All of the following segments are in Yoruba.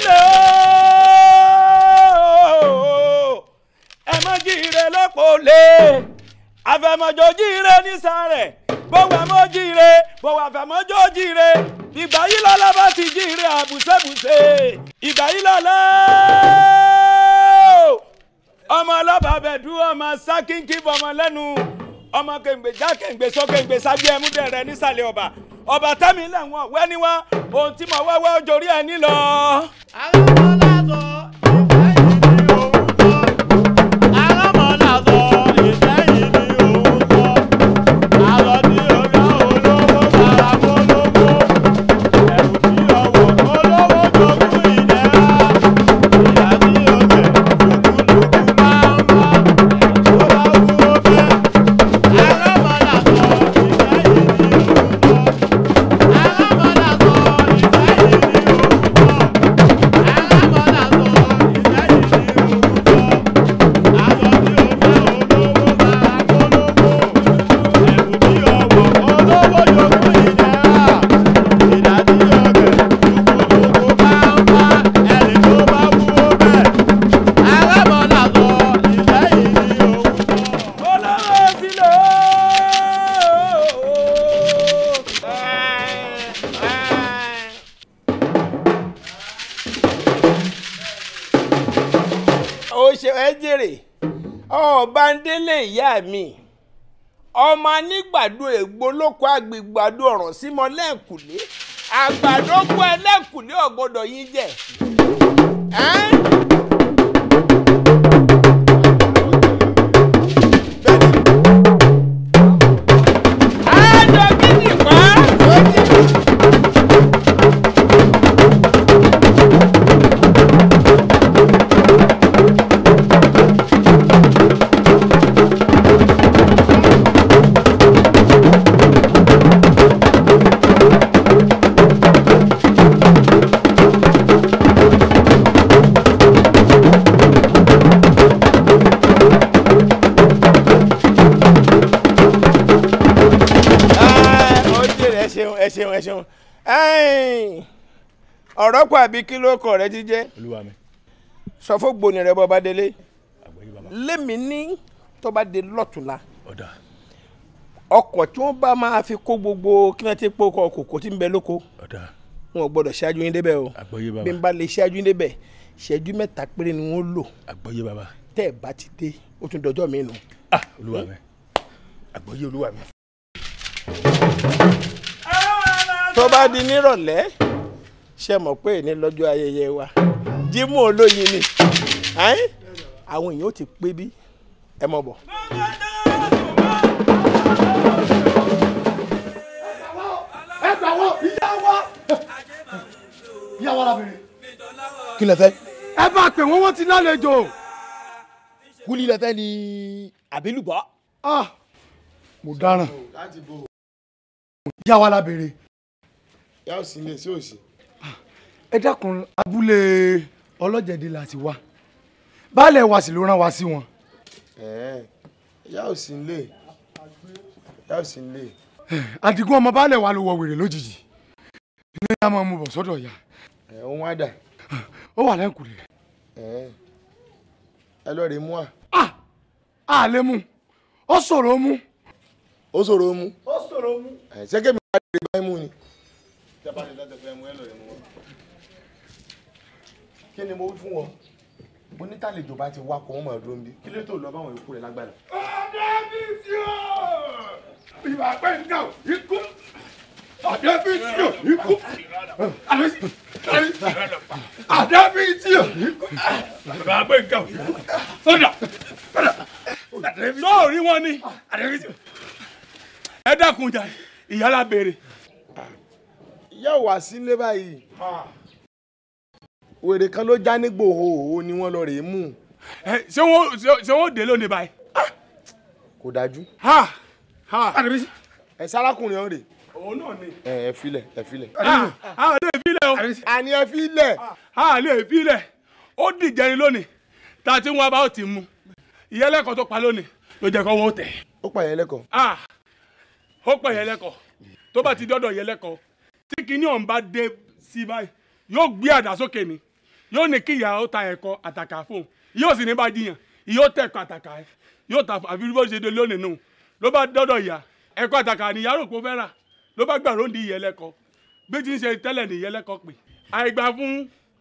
sílẹ̀ o ẹ mọ jíire lọ́pọ̀ lé àfẹ̀mọ̀jọ jíire ní sàrẹ̀ bọ́wọ́ àmọ́ jíire bọ́wọ́ àfẹ̀mọ́jọ jíire ìgbà yìí lọ́la bá ti jíire àbùsẹ̀bùsẹ̀ ìgbà yìí lọ́la ọmọ ọlọ́ba bẹ̀dú ọmọ sákíńkì bọ̀mọ lẹ́nu ọmọ kèǹgbè já kèǹgbè sọ kèǹgbè sábẹ́ ẹmú bẹ̀rẹ̀ nísàlẹ̀ ọba ọba tẹ́mi lẹ́wọ̀n wẹ́niwá ohun tí mo wá wá ojorí ẹni lọ. la, símọ lẹ́ǹkùlé àgbàdo kú ẹlẹ́ǹkùlé ọ̀gbọ́dọ̀ yín jẹ́ ṣeun ẹ ṣeun ọ̀rọ̀ kọ àbí kí ló kọ rẹ ti jẹ́ sọ fún gbòòní rẹ bọ́ba délé lémi ní tọ́ba dé lọ́tùnla ọkọ̀ tí wọ́n bá máa fi kó gbogbo kí wọ́n ti pò kọ kòkó tí ń bẹ lóko wọn ò gbọ́dọ̀ ṣáájú yín débẹ̀ o bí n bá lè ṣáájú yín débẹ̀ ṣẹ́jú mẹ́ta péré ni wọ́n lò tẹ́ ẹ̀ bá ti dé ó tún dọjọ́ mi nù. Ah, olúwa mi àgbọ́yé olúwa mi tó bá di nírọ̀lẹ́ ṣe mọ̀ pé ní lọ́jọ́ ayẹyẹ wa Jímọ̀ olóyin ni àwọn èèyàn ó ti pé bí ẹ mọ̀ bọ̀. kí lẹ fẹ́. ẹ bá pè wọ́n wọ́n ti lálejò. kúlí lẹ fẹ́ ni àbílùbọ́. Ah, mo dáràn ìyá wa lábẹ́rẹ́ ìyá òsì ń lè sí òsì. ẹ dákun abúlé ọlọ́jẹ̀dẹ la ti wá baálẹ̀ wa sì ló rán wa sí wọn. ìyá òsì ń lè ìyá òsì ń lè. àdìgún ọmọ baálẹ̀ wa ló wọ wèrè lójijì ní ìyá máa mú bọ̀ sọ́dọ̀ ìyá. òun á dà. ó wà lẹ́kùnrin. ẹ lọ rè mú à. Ah, a lè mú ó ṣòro mú. ó ṣòro mú. ó ṣòro mú. ṣé kébì máa dé báyìí mú ni tẹ́bá ní lẹ́tẹ̀ fẹ́ mú ẹ lọ́rẹ́ mú wọn. kí ni mo wí fún ọ mo ní tàlejò bá ti wá kó wọn mọ̀ ọ́ dúró ń bí kí ló tó lọ báwọn ikú rẹ̀ lágbára. ọ̀dọ́ mi sí o ìwà ikú ọ̀dọ́ mi sí ikú ọ̀dọ́ mi sí o ikú sọ́dà sọ́ọ̀rí wọn ni ẹ dákun jà ìyálà béèrè yóò wá sílé báyìí wèrè kan ló já nígbò òhòhò ni wọ́n lọ rèé mú. ṣé wọ́n ṣé wọ́n dé lónìí báyìí. Ah! kò dájú. ẹ sárakùnrin ọ̀hún rèé. òun náà ni. ẹ ẹ filẹ ẹ filẹ. a lè filẹ o. àní ẹ filẹ. a lè filẹ ó dìjẹrin lónìí tá a ti ń wá bá ó ti mú tó pa lónìí ló jẹ kó wọn ó ó pa ìyẹlẹkọ. Ah! ó pa ìyẹlẹkọ tó bá ti dọ́dọ̀ ìyẹlẹkọ tí kinní ọ̀hún bá dé sí báyìí yóò gbé àdá sókè ni yóò ní kí ìyàwó ta ẹ̀kọ́ àtàkà fóun yóò sì ní bá dìyàn yóò tẹ̀kọ́ àtàkà ẹ̀ yóò ta àfi bó ṣe dé lónìí nù ló bá dọ́dọ̀ ìyá ẹ̀kọ́ àtàkà ni ìyá rò pé ó fẹ́ rà ló bá gbà róńdì ìyẹlẹ́kọ bí ti ń ṣe tẹ́lẹ̀ ní ìyẹlẹ́kọ pè àìgbà fún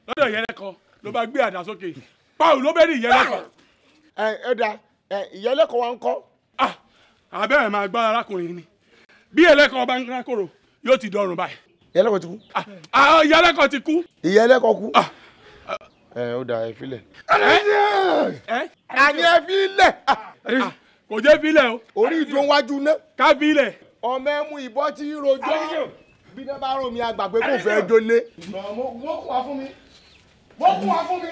lọ́dọ̀ ìyẹlẹ́kọ ló bá gbé àdá sókè pàù ló bẹ́ ní ìyẹlẹ́kọ. ẹ ẹ da ìyẹlẹ́kọ wa ń kọ́. àbẹ́rẹ̀ ah, máa gbá arákùnrin ni bí ìyẹlẹ́kọ bá ń rákòrò yóò ti dọrùn báyìí ìyálẹ́kọ̀ ti kú. àwọn ah, ah, ìyálẹ́kọ̀ ti kú. ìyálẹ́kọ̀ kú. Ah. ẹ ó da ẹ filẹ̀. àní ẹ filẹ̀. kò jẹ́ filẹ̀ o. orí ìdùn wájú ná. ká filẹ̀. ọmọ ẹ mú ìbọn tí rojọ́ bí náà bá rò mí àgbà kò fẹ́ jólé. wọ́n kún wa fún mi wọ́n kún wa fún mi.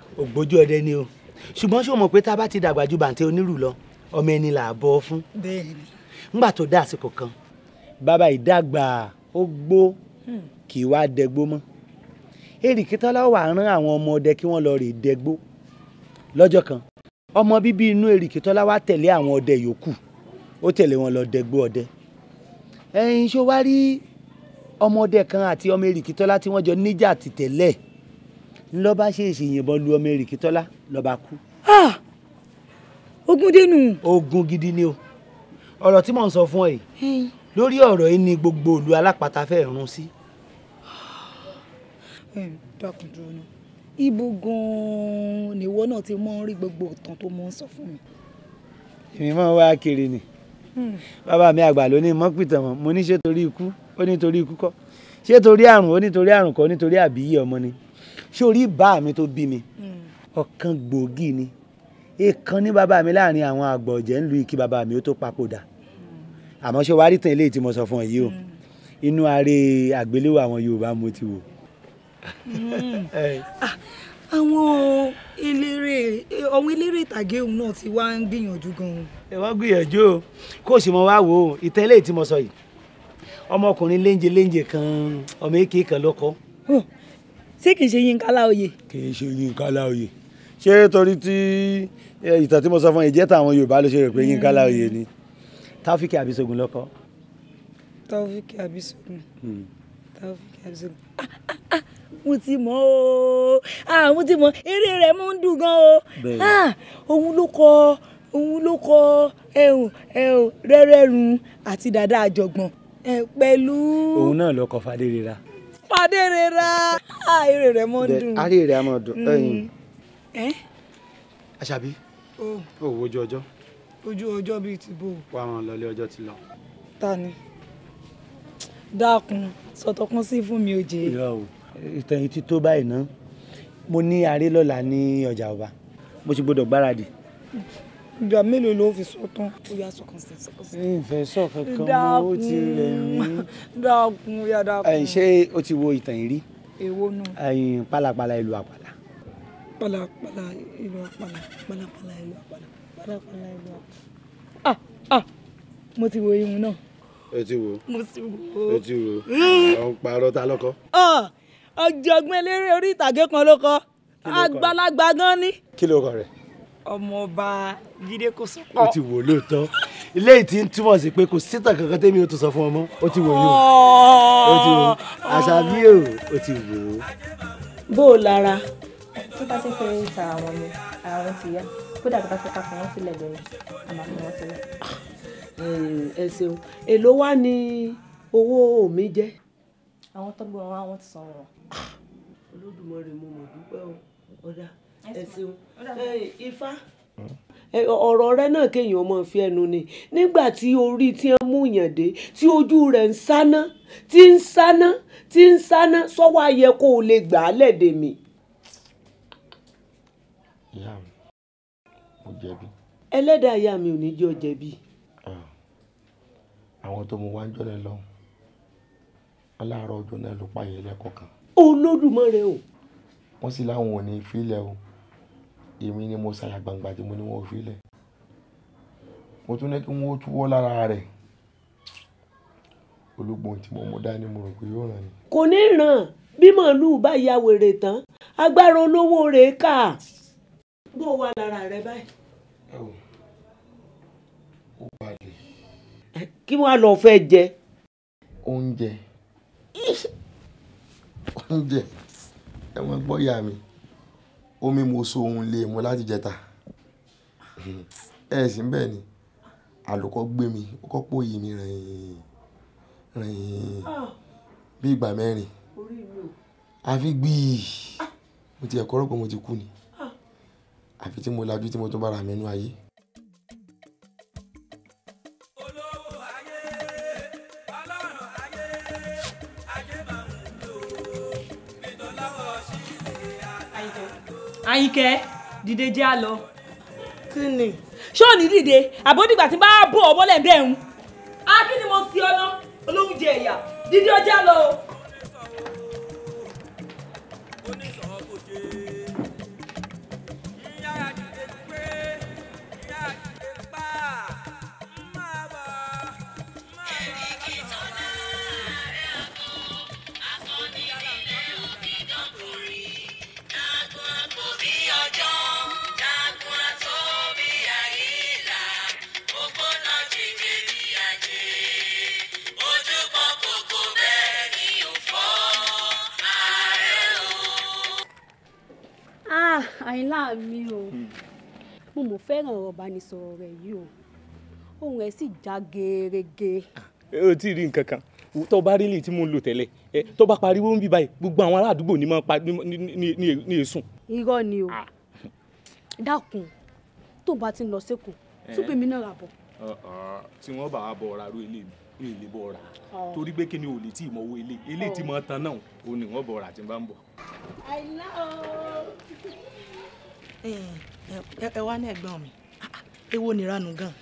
ògbójú ọdẹ ni o ṣùgbọ́n ṣé o mọ̀ pé tá a bá ti dàgbà ju bàǹtẹ́ onírù lọ ọmọ ẹni là á bọ́ fún. bẹ́ẹ̀ni. ńgbà tó dá àsìkò kan bàbá ìdàgbà ó gbó hmm. kì í wá dẹgbó mọ́ èrìkì tọ́lá wà rán àwọn ọmọ ọdẹ kí wọ́n lọ rè dẹgbó lọ́jọ́ kan ọmọ bíbí inú èrìkì tọ́lá wá tẹ̀lé àwọn ọdẹ yòókù ó tẹ̀lé wọn lọ dẹgbó ọdẹ ẹ̀yin ṣó wá rí ọmọ ọdẹ kan àti ọmọ èrìkì tọ́lá tí wọ́n jọ níjà tìtẹ̀lẹ̀ lọ́ba ṣèṣì yìnbọn lu ọmọ èrìkì tọ́lá lọ́ba kú. ogun dénú. ogun gidi ni o ọ̀rọ̀ tí mò ń sọ fún ẹ lórí ọ̀rọ̀ yìí ni gbogbo ìlú alápatà fẹ́ run sí. ibo gan-an nìwọ náà ti mọ́ rí gbogbo ìtàn tó mọ́ ń sọ fún mi. èmi máa ń wá kiri ni hmm. bàbá mi àgbà ló ní mọ́pìtàn mọ́ mo ní ṣé torí ikú ó ní torí ikú kọ́ ṣé torí àrùn ó ní torí àrùn kọ́ ó ní torí àbíyí ọmọ ni ṣé orí bá mi tó bí mi hmm. ọ̀kan gbòógì ni èèkan ní bàbá mi láàrin àwọn àgbọ̀jẹ́ ń lu ìkí bàbá mi ó tó papòdà hmm. àmọ́ ṣé wàá rí tàn ilé tí mo sọ fún ọ yìí o hmm. inú ààrẹ àgbéléwò àwọn Yorùbá mo ti wò. Ah, àwọn eléré ọ̀hún eléré ìtàgé òun náà ti wá ń gbìyànjú gan-an. ẹ wá gbìyànjú o kó o sì mọ wá wò ó ìtàn ilé tí mo sọ yìí ọmọkùnrin léńjeléńje kan ọmọ èké kan ló kọ ṣé kì í ṣe Yínká Láòyè. kì í ṣe Yínká Láòyè ṣé torí tí eh, ìtàn tí mo sọ fún yìí jẹ́ tàwọn Yorùbá ló ṣe rò pé Yínká Láòyè ni Taofik Abisogun lọ́kọ. Taofik Abisogun. Hmm. Taofik Abisogun ah, ah, ah, mo ti mọ o mo ti mọ eré rẹ mo ń dùn gan o òun ló kọ òun ló kọ ẹhùn ẹhùn rẹrẹrùn àti dàda àjọgbọn pẹ̀lú. òun náà ló kọ Fadérera pàdé rẹ̀ ra èrè rẹ̀ mọ́ dùn. àárẹ̀ rẹ̀ a mọ̀ dùn. àṣàbí o wo ojú ọjọ́. ojú ọjọ́ bíi ti bò. wàá ràn lọlé ọjọ́ ti lọ. ta ni dákun sọtọkún sí fún mi òjè. ìtàn yìí ti tó báyìí ná mo ní aré ní ọjà ọba mo ti gbọ́dọ̀ gbáradì ìgbà mélòó ló fi sọ tán. bóyá sọkàn sí sọkàn. ìfẹ́ sọ̀kan kan mọ́ ó ti rẹ̀ mí. dákun ya dákun. ṣé o ti wo ìtàn yìí rí. èwo nù. pálapàla ìlú àpàlà. pálapàla ìlú àpàlà pálapàla ìlú àpàlà pálapàla ìlú àpàlà. ah ah mo ti wo irun náà. ẹ ti wo. mo ti wo. ẹ ti wo. Hmm. ọ̀hún parọ́ ta lọ́kọ́. Ah, ọ̀jọ̀gbọ́n eléré orí ìtàgé kan ló kọ àgbàlagbà gan ni. kí ló kọ rẹ̀ ọmọọba jíde kò sọpọ. o ti wò lóòótọ́ eléyìí ti ń túmọ̀ sí pé kò síta kankan tẹ́mi o tó sọ fún ọmọ o ti wò yóò o ti wò àṣàbí o o ti wò ó. bó o lára. tó bá ti fẹ́ ń ta àwọn ni àwọn ti yá kódà tó bá ti ká fún wọn sílẹ̀ lẹ́yìn àmọ́ fún wọn sílẹ̀. ẹ ṣeun èló wá ní owó mi jẹ́. àwọn tọ́gbọ̀n wọn àwọn ti sanwó wọn. Ah! olódùmarè mo mọ̀ dúpẹ́ o ọ̀dà ẹ ṣeun ifá hmm? ọ̀rọ̀ rẹ náà kéèyàn ọmọ fi ẹnu ni nígbà tí orí tí ń mú yàn dé tí ojú rẹ̀ ń sáná tí ń sáná tí ń sáná sọ́wọ́ ayẹ kó o lè gbà á lẹ́dẹ̀ mi. ìyá mi mo jẹ̀bi. ẹlẹ́dàá ìyá mi ò ní jẹ́ ọ jẹ̀bi. Ah, àwọn tó mú wá ń jọ́lẹ̀ lọ́hùn aláàárọ̀ ọjọ́ náà ló pààyè lẹ́kọ̀ọ́ kan. olódùmarè o. wọ́n sì láwọn ò ní í filẹ̀ o èmi ni mo ṣàyà gbangba tí mo ní wọn ò fi lẹ̀ mo tún ní kí wọ́n túwọ́ lára rẹ̀ olúgbọ́n tí mo mú dání mo rò pé yóò ràn ni. kò ní ràn bí màálù bá ya wèrè tán agbára olówó rẹ̀ kà bó wà lára rẹ̀ báyìí. ẹ kí wàá lọ fẹ́ jẹ. oúnjẹ oúnjẹ ẹ mọ gbọ́ yà mí omi mo so òun lè mu láti jẹta. Ẹ sì ń bẹ́ẹ̀ ni, àlùkọ́ gbé mi, ó kọ́ pòyì mi rìn, rìn bí ìgbà mẹ́rin. A fi gbì í, mo ti ẹ̀ kọ́ pé mo ti kú ni. Àfi tí mo lajú tí mo tún bá ara ayé. àyìnkẹ́ dìde jẹ́ à lọ. kí ni. ṣé ò ní dìde àbódìgbà tí bá bọ̀ ọ́ bọ́lẹ̀ bẹ́ẹ̀ ń. a kí ni mo sì ọ ná olóúnjẹ ẹ̀yà dìde ọjà lọ o. àyìnlá mi o mo mọ̀ fẹ́ràn ọ̀rọ̀ ìbánisọ̀rọ̀ rẹ̀ yìí o ohùn rẹ̀ sì já gerege. o ah, ti rí nǹkan kan tó bá rí lè tí mo ń lò tẹ́lẹ̀ tó bá pariwo ń bí báyìí gbogbo àwọn ará ni máa pa ní èsùn. irọ́ ni o ah. dákun tó bá ti lọ sẹ́kọ̀ọ́ tún eh. bèmí náà rà bọ̀. tí wọ́n bá wa bọ̀ ọ̀rá ru ilé mi ní ilé bọ̀ ọ̀rá torí pé kí ni ò lè tí ì mọ̀ ilé ilé tí mo tan náà ò ní wọ́n bọ̀ ọ̀rá tí n bá ń bọ̀. àìlá o ẹ wá ní ẹ̀gbọ́n mi èwo ah, ah, nìranù gan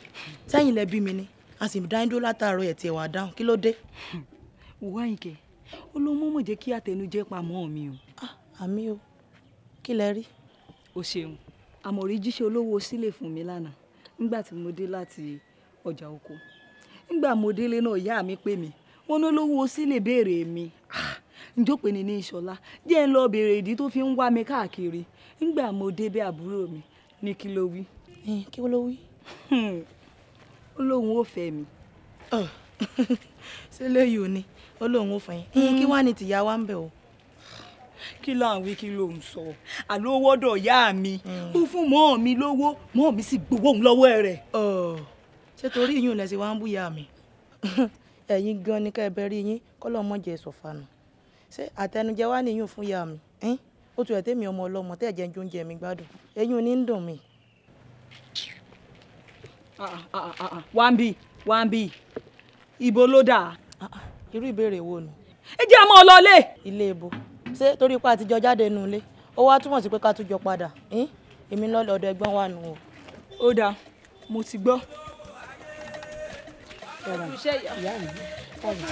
sẹ́yìn lẹ bí mi ni a sì dá yín dó látàárọ̀ ẹ̀ tí ẹ wà dáhùn kí ló dé. wò wá ìkẹ́ ó ló mú mọ̀jẹ́ kí àtẹnujẹ́ pamọ́ mi o. Ah, àmì o kí lẹ rí. o ṣeun àmọ̀rí jíṣẹ́ olówó sílẹ̀ fún mi lánàá nígbà tí mo dé láti ọjà oko nígbà mo délé náà ìyá mi pè mí wọn ní olówó sílẹ̀ béèrè mi njó pé ní ní ìṣọ̀lá jẹ́ ń lọ béèrè ìdí tó fi ń wá mi káàkiri nígbà mo débẹ̀ àbúrò mi ní kí ló wí. kí ló wí. Hmm. ó lóun ò fẹ́ mi. ṣé lẹ́yìn òní ó lóun ò fẹ́ yín kí hmm. wàá ní tìyá wa ń bẹ̀ o. kí ló ń wí kí ló ń sọ àló wọ́dọ̀ ìyá mi ó hmm. fún mọ́ mi lówó mọ́ mi sì gbowó òun lọ́wọ́ rẹ̀. ṣé torí yín ò lẹ́sìn wá ń bú ìyá mi ẹ̀yin gan ni ká ẹ bẹ rí yín kọ́lọ́ mọ̀jẹ̀ sọ̀fà nù ṣé àtẹnujẹ wá nìyún fún ìyá mi ó tu ẹ̀ tẹ́mi ọmọ ọlọ́mọ tẹ́ ẹ̀jẹ̀ ń jó oúnjẹ mi gbádùn eyín oní ń dùn mí. wambi ah, ah, ah, wambi ibo ló dà. irú ìbéèrè wo nu. ẹ jẹ́ àmọ́ ọlọ́lé. ilé ibo ṣé torí ipa àtijọ́ jáde nù ilé ó wá túmọ̀ sí pé ká tún jọ padà èmi lọ́lọ́ ọ̀dọ̀ ẹgbọ́n wà nù ó dáa mo ti gbọ́. ẹ ra ìyá mi kọ́ mi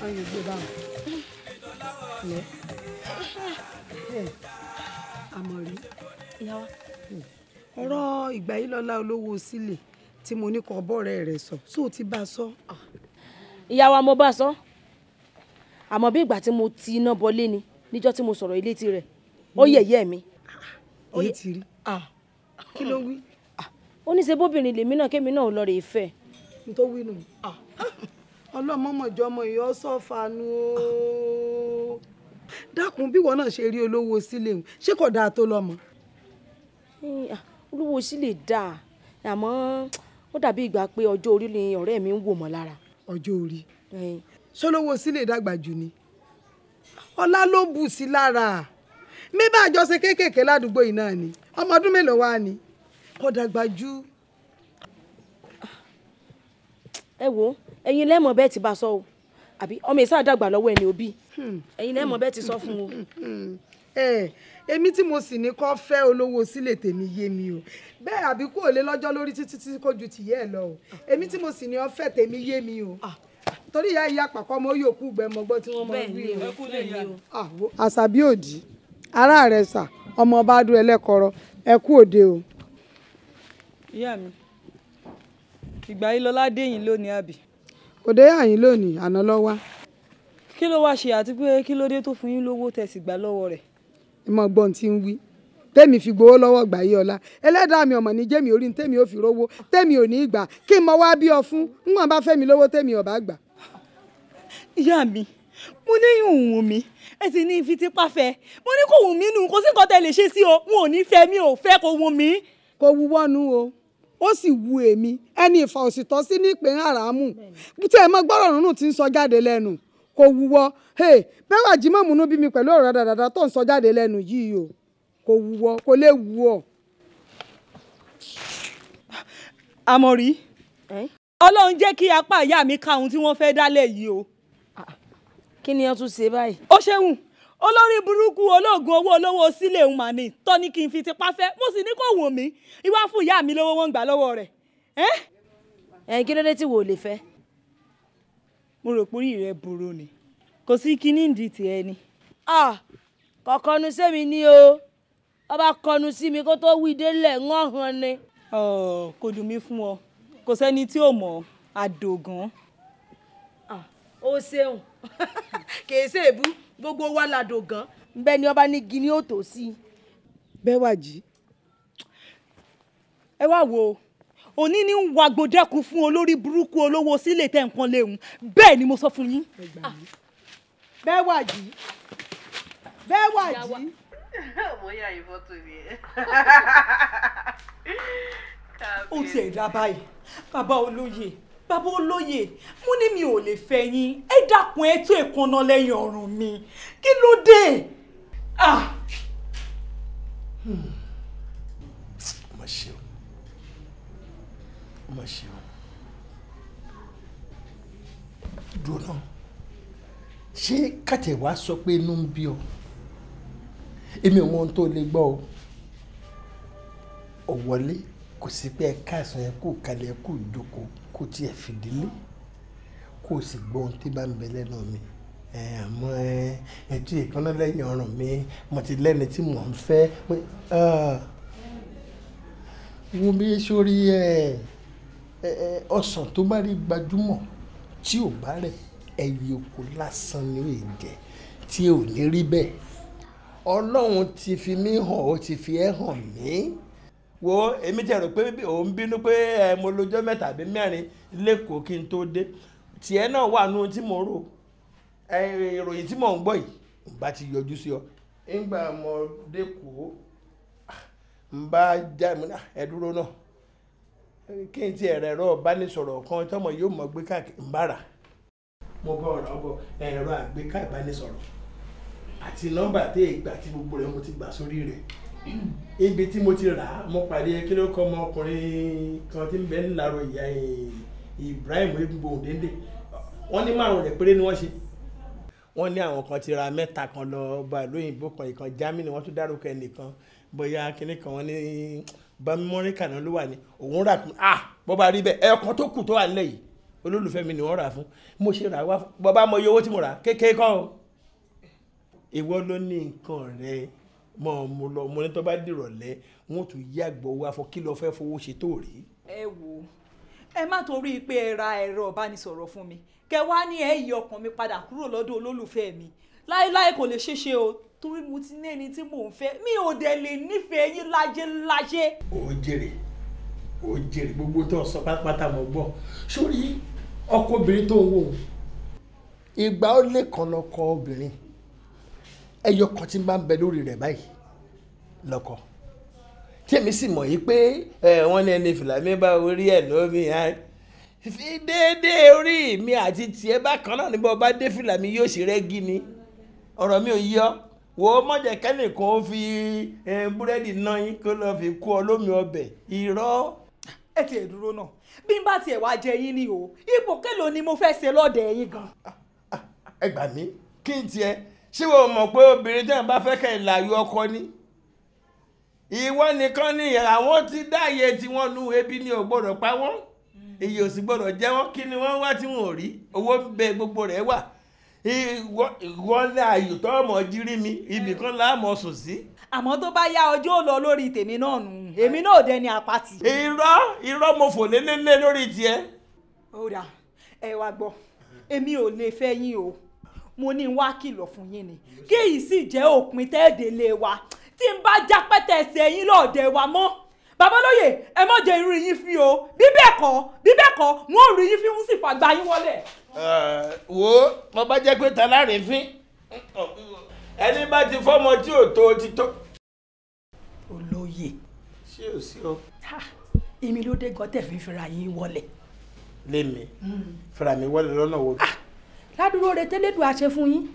wọ́n yóò báwọn lẹ àmọ̀rí hmm. ọ̀rọ̀ ìgbà yìí lọ́la olówó sílẹ̀ tí mo ní kọ́ bọ́ọ̀rẹ́ rẹ̀ sọ sóò ti bá a sọ. Ah. ìyá mo bá a sọ àmọ́ bí ìgbà tí mo ti iná bọlé ni níjọ́ tí mo sọ̀rọ̀ ilé tirẹ̀ ó hmm. yẹ̀yẹ́ mi. èyí ti rí ah. kí ló wí. Ah. ó ní ṣe bóbìnrin lèmi náà kémi náà lọ rè é fẹ́. n tó wí nù ọlọ́mọmọjọ́ ọmọ ìyọ́ sọ́fà nù ó dákun bí wọn náà ṣe rí olówó sílé ń ṣé kò dáa tó lọ́mọ. olówó sílé dáa àmọ́ ó dàbí ìgbà pé ọjọ́ orí ni ọ̀rẹ́ mi ń wò mọ́ lára. ọjọ́ orí ṣolówó sílé dàgbà jù ni ọlá ló bù sí lára mi bá àjọṣe kéékèèké ládùúgbò yìí náà ni ọmọ ọdún mélòó wá ni kò dàgbà jù. ẹ wo ẹ̀yin lẹ́mọ̀ bẹ́ẹ̀ ti bá a sọ o àbí ọmọ ìsáàdàgbà lọ́wọ́ ẹni òbí ẹ̀yin náà mọ̀ bẹ́ẹ̀ ti sọ fún o. Eh, èmi tí mo sì ní kọ́ fẹ́ olówó sílẹ̀ tèmi yé mi o bẹ́ẹ̀ àbí kò lè lọ́jọ́ lórí títí tí kò ju tìyẹ́ ẹ̀ lọ o èmi tí mo sì ní ọ̀fẹ́ tèmi yé mi o ah. torí ìyá ìyá pàpọ̀ ọmọ yóò kú gbẹmọ gbọ́ tí wọ́n mọ wí o. Ah, àṣàbí òdì ará rẹ sà ọmọ ọba adú ẹlẹ́kọ̀ọ́rọ́ ẹ kú òde o. ìyá mi ìgbà yìí lọlá dé yìí lónìí àbí. òde àyín lónìí àná lọ wá kí ló wá ṣe àti pé kí ló dé tó fún yín lówó tẹ̀sí gbà lọ́wọ́ rẹ̀. ẹ mọ gbọ́n tí ń wí tẹ́mi fi gbowó lọ́wọ́ gbà yí ọ̀la ẹlẹ́dàá mi ọmọ ní jẹ́mi orí tẹ́mi ò fi rówó tẹ́mi ò ní í gbà kí n mọ wá bí ọ fún n wọn bá fẹ́ mi lówó tẹ́mi ò bá gbà. ìyá mi mo ní ìhùn mi ẹ sì ní fi tipa fẹ́ mo ní kò wù mí nù kò sí nǹkan tẹ́ lè ṣe sí o n ò ní fẹ́ mi ò fẹ́ kò wù mí. kò wù wọ́nu o ó sì wu èmi ẹni ìfà òsìtọ́ sí ní ìpín àràmù tí ẹ mọ gbọ́rọ̀ nínú ti ń sọ jáde lẹ́nu kò wúwọ́ bẹ́wà jí mọ̀ múnú bí mi pẹ̀lú ọ̀rọ̀ dàdàdà tó ń sọ jáde lẹ́nu yìí o kò wúwọ́ kò lè wú ọ. àmọ̀rí ọlọ́run jẹ́ kí apá ìyá mi ka ohun tí wọ́n fẹ́ dálẹ̀ yìí o. Ah, kí ni ẹ tún ṣe báyìí. ó ṣeun olórí burúkú olóògùn owó olówó sílé òun màní tó ní kí n fi tipa fẹ́ mo sì ní kó wù mí ìwà fún ìyá mi lówó wọn gbà lọ́wọ́ rẹ̀. ẹ kí ló dé tí wò ó lè fẹ́. mo rò pé orí rẹ burú ni kò sí kíní ìdí tiẹ̀ ni. kọ̀kọ́nu sẹ́mi ni o ọba kọnu sí mi kó tó wí délẹ̀ ń ọ̀hún ni. kò dùn mí fún ọ kò sẹ́ni tí ò mọ̀ àdògán. ó ṣeun kìí ṣèbú gbogbo wa làdògán bẹ́ẹ̀ ni ọba ní gíní ò tó sí. bẹ́ẹ̀ wá jí ẹ wá wo. òní ní ń wàgbò dẹ́kun fún olórí burúkú olówó sílé tẹ̀ nǹkan léwu bẹ́ẹ̀ ni mo sọ fún yín. bẹ́ẹ̀ wà jí bẹ́ẹ̀ wà jí. mo yà yín fọ́tò mi. ó tiẹ̀ dá báyìí bàbá olóye bàbá olóye mo ní mi ò lè fẹ́ yín ẹ dákun ẹ tó ìkànnà lẹ́yìn ọ̀rùn mi kí ló dé. ah. Hmm ó mà ṣe o dúró náà ṣé kàtẹ́wá sọ pé inú ń bí ọ èmi ò mọ ohun tó lè gbọ́ o ò wọlé kò sí pé ẹ̀ka ẹ̀sán yẹn kò kalẹ̀ kò jókòó kò tiẹ̀ fìdílé kò sì gbọ́ ohun tí bá ń bẹ lẹ́nu mi àmọ́ ẹtú ìkànnà lẹ́yìn ọrùn mi mo ti lẹ́ni tí mò ń fẹ́ ah. wọ́n bí sórí ẹ̀. Eh ọsàn tó bá rí gbajúmọ̀ tí ò bá rẹ̀ ẹyẹ oko lásán ni ó jẹ tí ò ní rí bẹ́ẹ̀ ọlọ́run ti fi mí hàn ó ti fi ẹ́ hàn mí wo èmi ti rò pé òun bínú pé ẹ mo lọ́jọ́ mẹ́ta àbí mẹ́rin lẹ́kọ̀ọ́ kí n tó dé tiẹ̀ náà wà nù tí mo rò ìròyìn tí mò ń gbọ́ yìí bá ti yọjú sí ọ nígbà mo dé n bá já ẹ dúró náà kí n ti ẹ̀rọ ẹ̀rọ ìbánisọ̀rọ̀ kan tọmọ yóò mọ̀ gbé káàkiri ń bára mo bọ ọ̀rọ̀ bọ ẹ̀rọ àgbéká ìbánisọ̀rọ̀ àti nọ́mbà tẹ́ ìgbà tí gbogbo rẹ̀ mo ti gbà sórí rẹ̀ ibi tí mo ti rà á mo pàdé kí ló kọ́ ọmọkùnrin kan tí ń bẹ ńlárọ̀ ìyá Ibrahim egungun dende wọ́n ní márùn rẹ̀ péré ni wọ́n ṣe wọ́n ní àwọn kan ti ra mẹ́ta kan lọ bá lóyìnbó kan ìkan Germany wọ́n tún dárúkọ ẹnìkan bóyá kinní kan wọ́n ní bámímọ́rin kàná ló wà ní òun rà fún ah bọ́ba rí bẹ́ẹ̀ ẹ̀ẹ̀kan tó kù tó wà nílẹ̀ yìí olólùfẹ́ mi ni wọ́n rà fún mo ṣe rà wá bọ́ba mọ iye owó tí mo rà kékeré kọ́ ìwọ ló ní nǹkan rẹ mọ mo lọ mo ní tó bá dìrọ̀lẹ́ wọn ò tún yàgbọ́ wá fún kí lọ fẹ́ fowó ṣe tó rí. ẹ wo ẹ má torí pé ẹ ra ẹ̀rọ ìbánisọ̀rọ̀ fún mi kẹ wá ní ẹ yí ọkàn mi padà kúrò lọ́dọ̀ olólùfẹ́ mi láéláé kò lè ṣeé o torí mo ti ní ẹni tí mò ń fẹ́ mi ò dẹ̀ lè nífẹ̀ẹ́ yín lájẹ́ lájẹ́. ó jèrè ó jèrè gbogbo tó ń sọ pátápátá mo gbọ́ sórí ọkọ obìnrin tó ń wò ó ìgbà ó lé kan lọkọ obìnrin ẹyọ kan tí máa ń bẹ lórí rẹ̀ báyìí lọkọ tí èmi sì mọ̀ yìí pé wọ́n ní ẹni fìlà mi bá orí ẹ̀ lómi hàn fi déédéé orí mi àti tiẹ̀ bákan náà níbo bá dé fìlà mi yóò ṣe rẹ́gí ni ọ̀rọ̀ mi ò yọ wo mọ̀jẹ̀ kẹ́nìkan fi búrẹ́dì náà yín kó lọ́ọ́ fi kú ọ lómi ọbẹ̀ irọ́. ẹ tiẹ̀ dúró náà bí n bá tiẹ̀ wá jẹ yín ni o ipò kélòó ni mo fẹ́ ṣe lọ́ọ̀dẹ̀ yín gan. ẹ gbà mí kí n tiẹ̀ ṣé wo mọ̀ pé obìnrin tẹ̀ ń bá fẹ́ kẹ́ ìlàyé ọkọ ni ìwọ nìkan ni àwọn ti dáàyè tí wọ́n nu ebi ni ò gbọ́dọ̀ pa wọ́n èyí hmm. ò sì gbọ́dọ̀ jẹ́ wọ́n kí ni wọ́n wá tí wọn ò rí owó ń bẹ gbogbo rẹ̀ wà ìwọlé ayò tó ọmọ jírí mi ibì kan láàmú sùn sí. àmọ́ tó bá yá ọjọ́ ò lọ lórí tèmi náà nù èmi náà ò dẹni àpatì. irọ́ irọ́ mo fò lélẹ́lẹ́ lórí tiẹ̀. ó dà ẹ wá gbọ́ èmi ò lè fẹ́ yín o mo ní wá kìlọ̀ fún yín ni kí èyí sì jẹ́ òpin tẹ́ẹ̀dẹ̀lẹ̀ wa tí n bá já pẹ́tẹ́sẹ̀ yín lọ́ọ̀dẹ̀ wa mọ́ babalóye ẹ má jẹ́ irú yín fi o bí bẹ́ẹ̀ wọn ò rí yín fi ń sì fàgbà yín wọlé wo mo bá jẹ́ pé talárìnfín ẹni bá ti fọ́mọ tí ò tó ti tó. olóye. ṣé o sí o. èmi ló dé gọtẹ fi fira yín wọlé. lémi hmm. fira mi wọlé lọ́nà wo. ládùúgbò rẹ tẹlẹdùn àṣẹ fún yín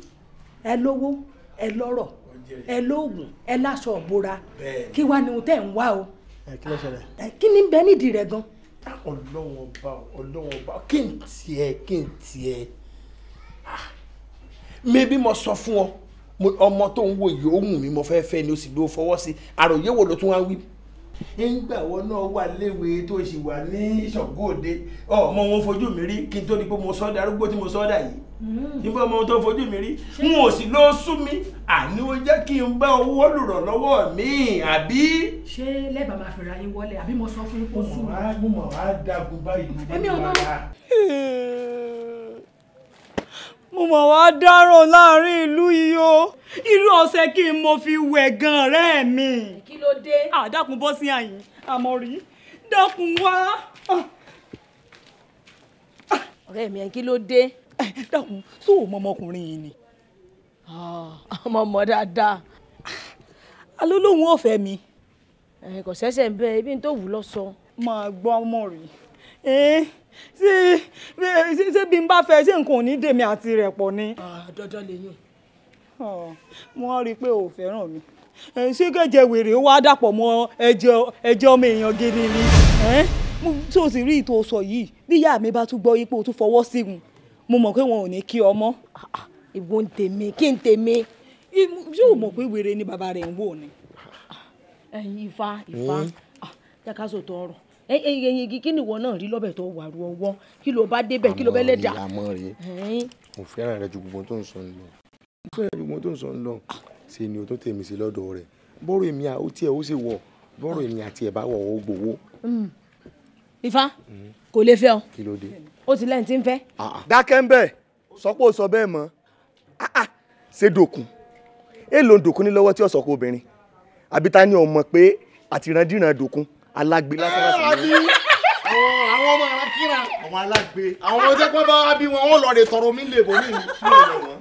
ẹ lówó ẹ lọ́rọ̀ ẹ lóògùn ẹ láṣọ òbora kí wàá ní ohun tẹ ń wá o kí ni bẹ nídìí rẹ gan ọlọ́wọ́n ọba ọlọ́wọ́n ọba kí n tiẹ̀ kí n tiẹ̀ ah, mẹ́bí mo sọ fún ọ ọmọ tó ń wò yìí ó wù mí mo fẹ́ fẹ́ ni ó sì ló fọwọ́ sí àròyé wo ló tún wá wí. nígbà wo náà wà léwe tó ṣì wà ní ìṣọ̀gbọ́n òde ọmọ wọn fojú mi rí kí n tó di pé mo sọ́dà arúgbó tí mo sọ́dà yìí Mm. nígbà ọmọ tó fojú mi rí n ò sì lọ sú mi àní ó jẹ́ kí n bá owó lùrọ̀ lọ́wọ́ mi àbí. ṣé lẹ́bàá máa fèrè ayé wọlé àbí mo sọ fún yín kó sùn. mo mọ̀ wá dagun báyìí mo mọ̀ wá. mo mọ̀ wá dáràn láàrin ìlú yìí o irú ọ̀sẹ̀ kí n mo fi wẹ̀ gan ọ̀rẹ́ mi. kí ló dé. àdàkùn bọ́ sí àyìn àmọ́ rí dákun wá. ọ̀rẹ́ mi ẹ̀ kí ló dé dákun sọ òun ọmọkùnrin yìí ni. ọmọ ah, ọmọ dáadáa alólóhùn ọ̀fẹ́ mi. kò ṣẹ̀ṣẹ̀ ń bẹ ibi tó wù lọ sọ. máa gbọ́ ọmọ rẹ̀ ṣé ṣé bí n bá fẹ́ ṣé nǹkan ò ní dèmi àti rẹ̀ pọ̀ ni. Ah, dandan lèyìn. wọ́n rí i pé ò fẹ́ràn mi ṣé kẹjẹ wèrè wá dàpọ̀ mọ́ ẹ̀jẹ̀ ọmọ èèyàn gidi ni tí o sì rí ìtò sọ yìí bí ìyá mi bá tún gbọ́ yípo tún fọwọ́ sí i mo mọ̀ pé wọn ò ní kí ọmọ. ìwọ ń tèmi kí n tèmi yóò mọ̀ pé wèrè ni bàbá rẹ̀ ń wò ni. ẹyin ifá ifá hmm. ah, jákàsó tó ọ̀rọ̀ ẹyin igi kí ni ìwọ náà rí lọ́bẹ̀ tó wà ru ọwọ́ kí ló bá débẹ̀ kí ló bẹ́ lẹ́dà. àmọ́ rè é mo fẹ́ràn rẹ ju gbogbo tó ń sọ ń lọ mo fẹ́ràn ju gbogbo tó ń sọ ń lọ ah. ṣe ni o tó tèmi sí lọ́dọ̀ rẹ̀ bọ́rọ̀ èmi àó tiẹ̀ ó sì wọ̀ bọ́rọ̀ ah. èmi àti ẹ̀ bá wọ̀ ó gbowó. Hmm. ifá hmm. kò lè fẹ́ ọ. kí ló dé ó ti lẹ́yìn tí ń fẹ́. Ah, ah. dákẹ́ ń bẹ̀ sọ́pọ̀ sọ bẹ́ẹ̀ mọ́ ah, ṣé dòkun èèlò dòkun ní lọ́wọ́ tí ó sọ̀kọ obìnrin àbí ta ni ó mọ̀ pé àtìrandíran dòkun alágbe lásán lásán ni àwọn ọmọ ara kíra àwọn alágbe àwọn ọmọ tẹ́ pẹ́ bá bí wọn wọ́n lọ rè tọrọ mí lè bọ̀ ní ìlú tí yóò lọ wọn.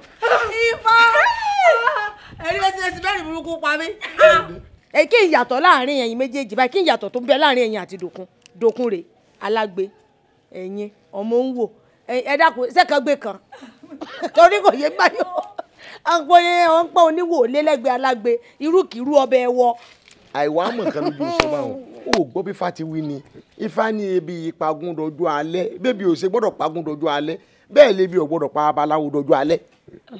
ẹni bẹ́ẹ̀ ti lè ti burúkú pa mí. ẹ kí n yàtọ̀ láàrin ẹ̀yin méjèèjì báyìí kí n yàtọ̀ tó ń bẹ láàrin ẹ̀yin àti dòkun dòkun rè alágbe ẹ̀yin ọmọ ń wò ẹ dákun sẹ́kàn gbé kan torí kò yé báyọ̀ àpò yẹn ọ̀ ń pọ́n oníwò lélẹ́gbẹ̀ẹ́ alágbe irúkìrú ọbẹ̀ ẹ wọ. àìwá mọ̀ kan lójú sọ máa ń ó gbọ́ bí Ifá ti wí ni Ifá ní ebi ìpagún dojú alẹ́ bébí ò ṣe gbọ́dọ̀ pagún dojú alẹ́ bẹ́ẹ̀ lebi ò gbọ́dọ̀ pa abaláwo dojú alẹ́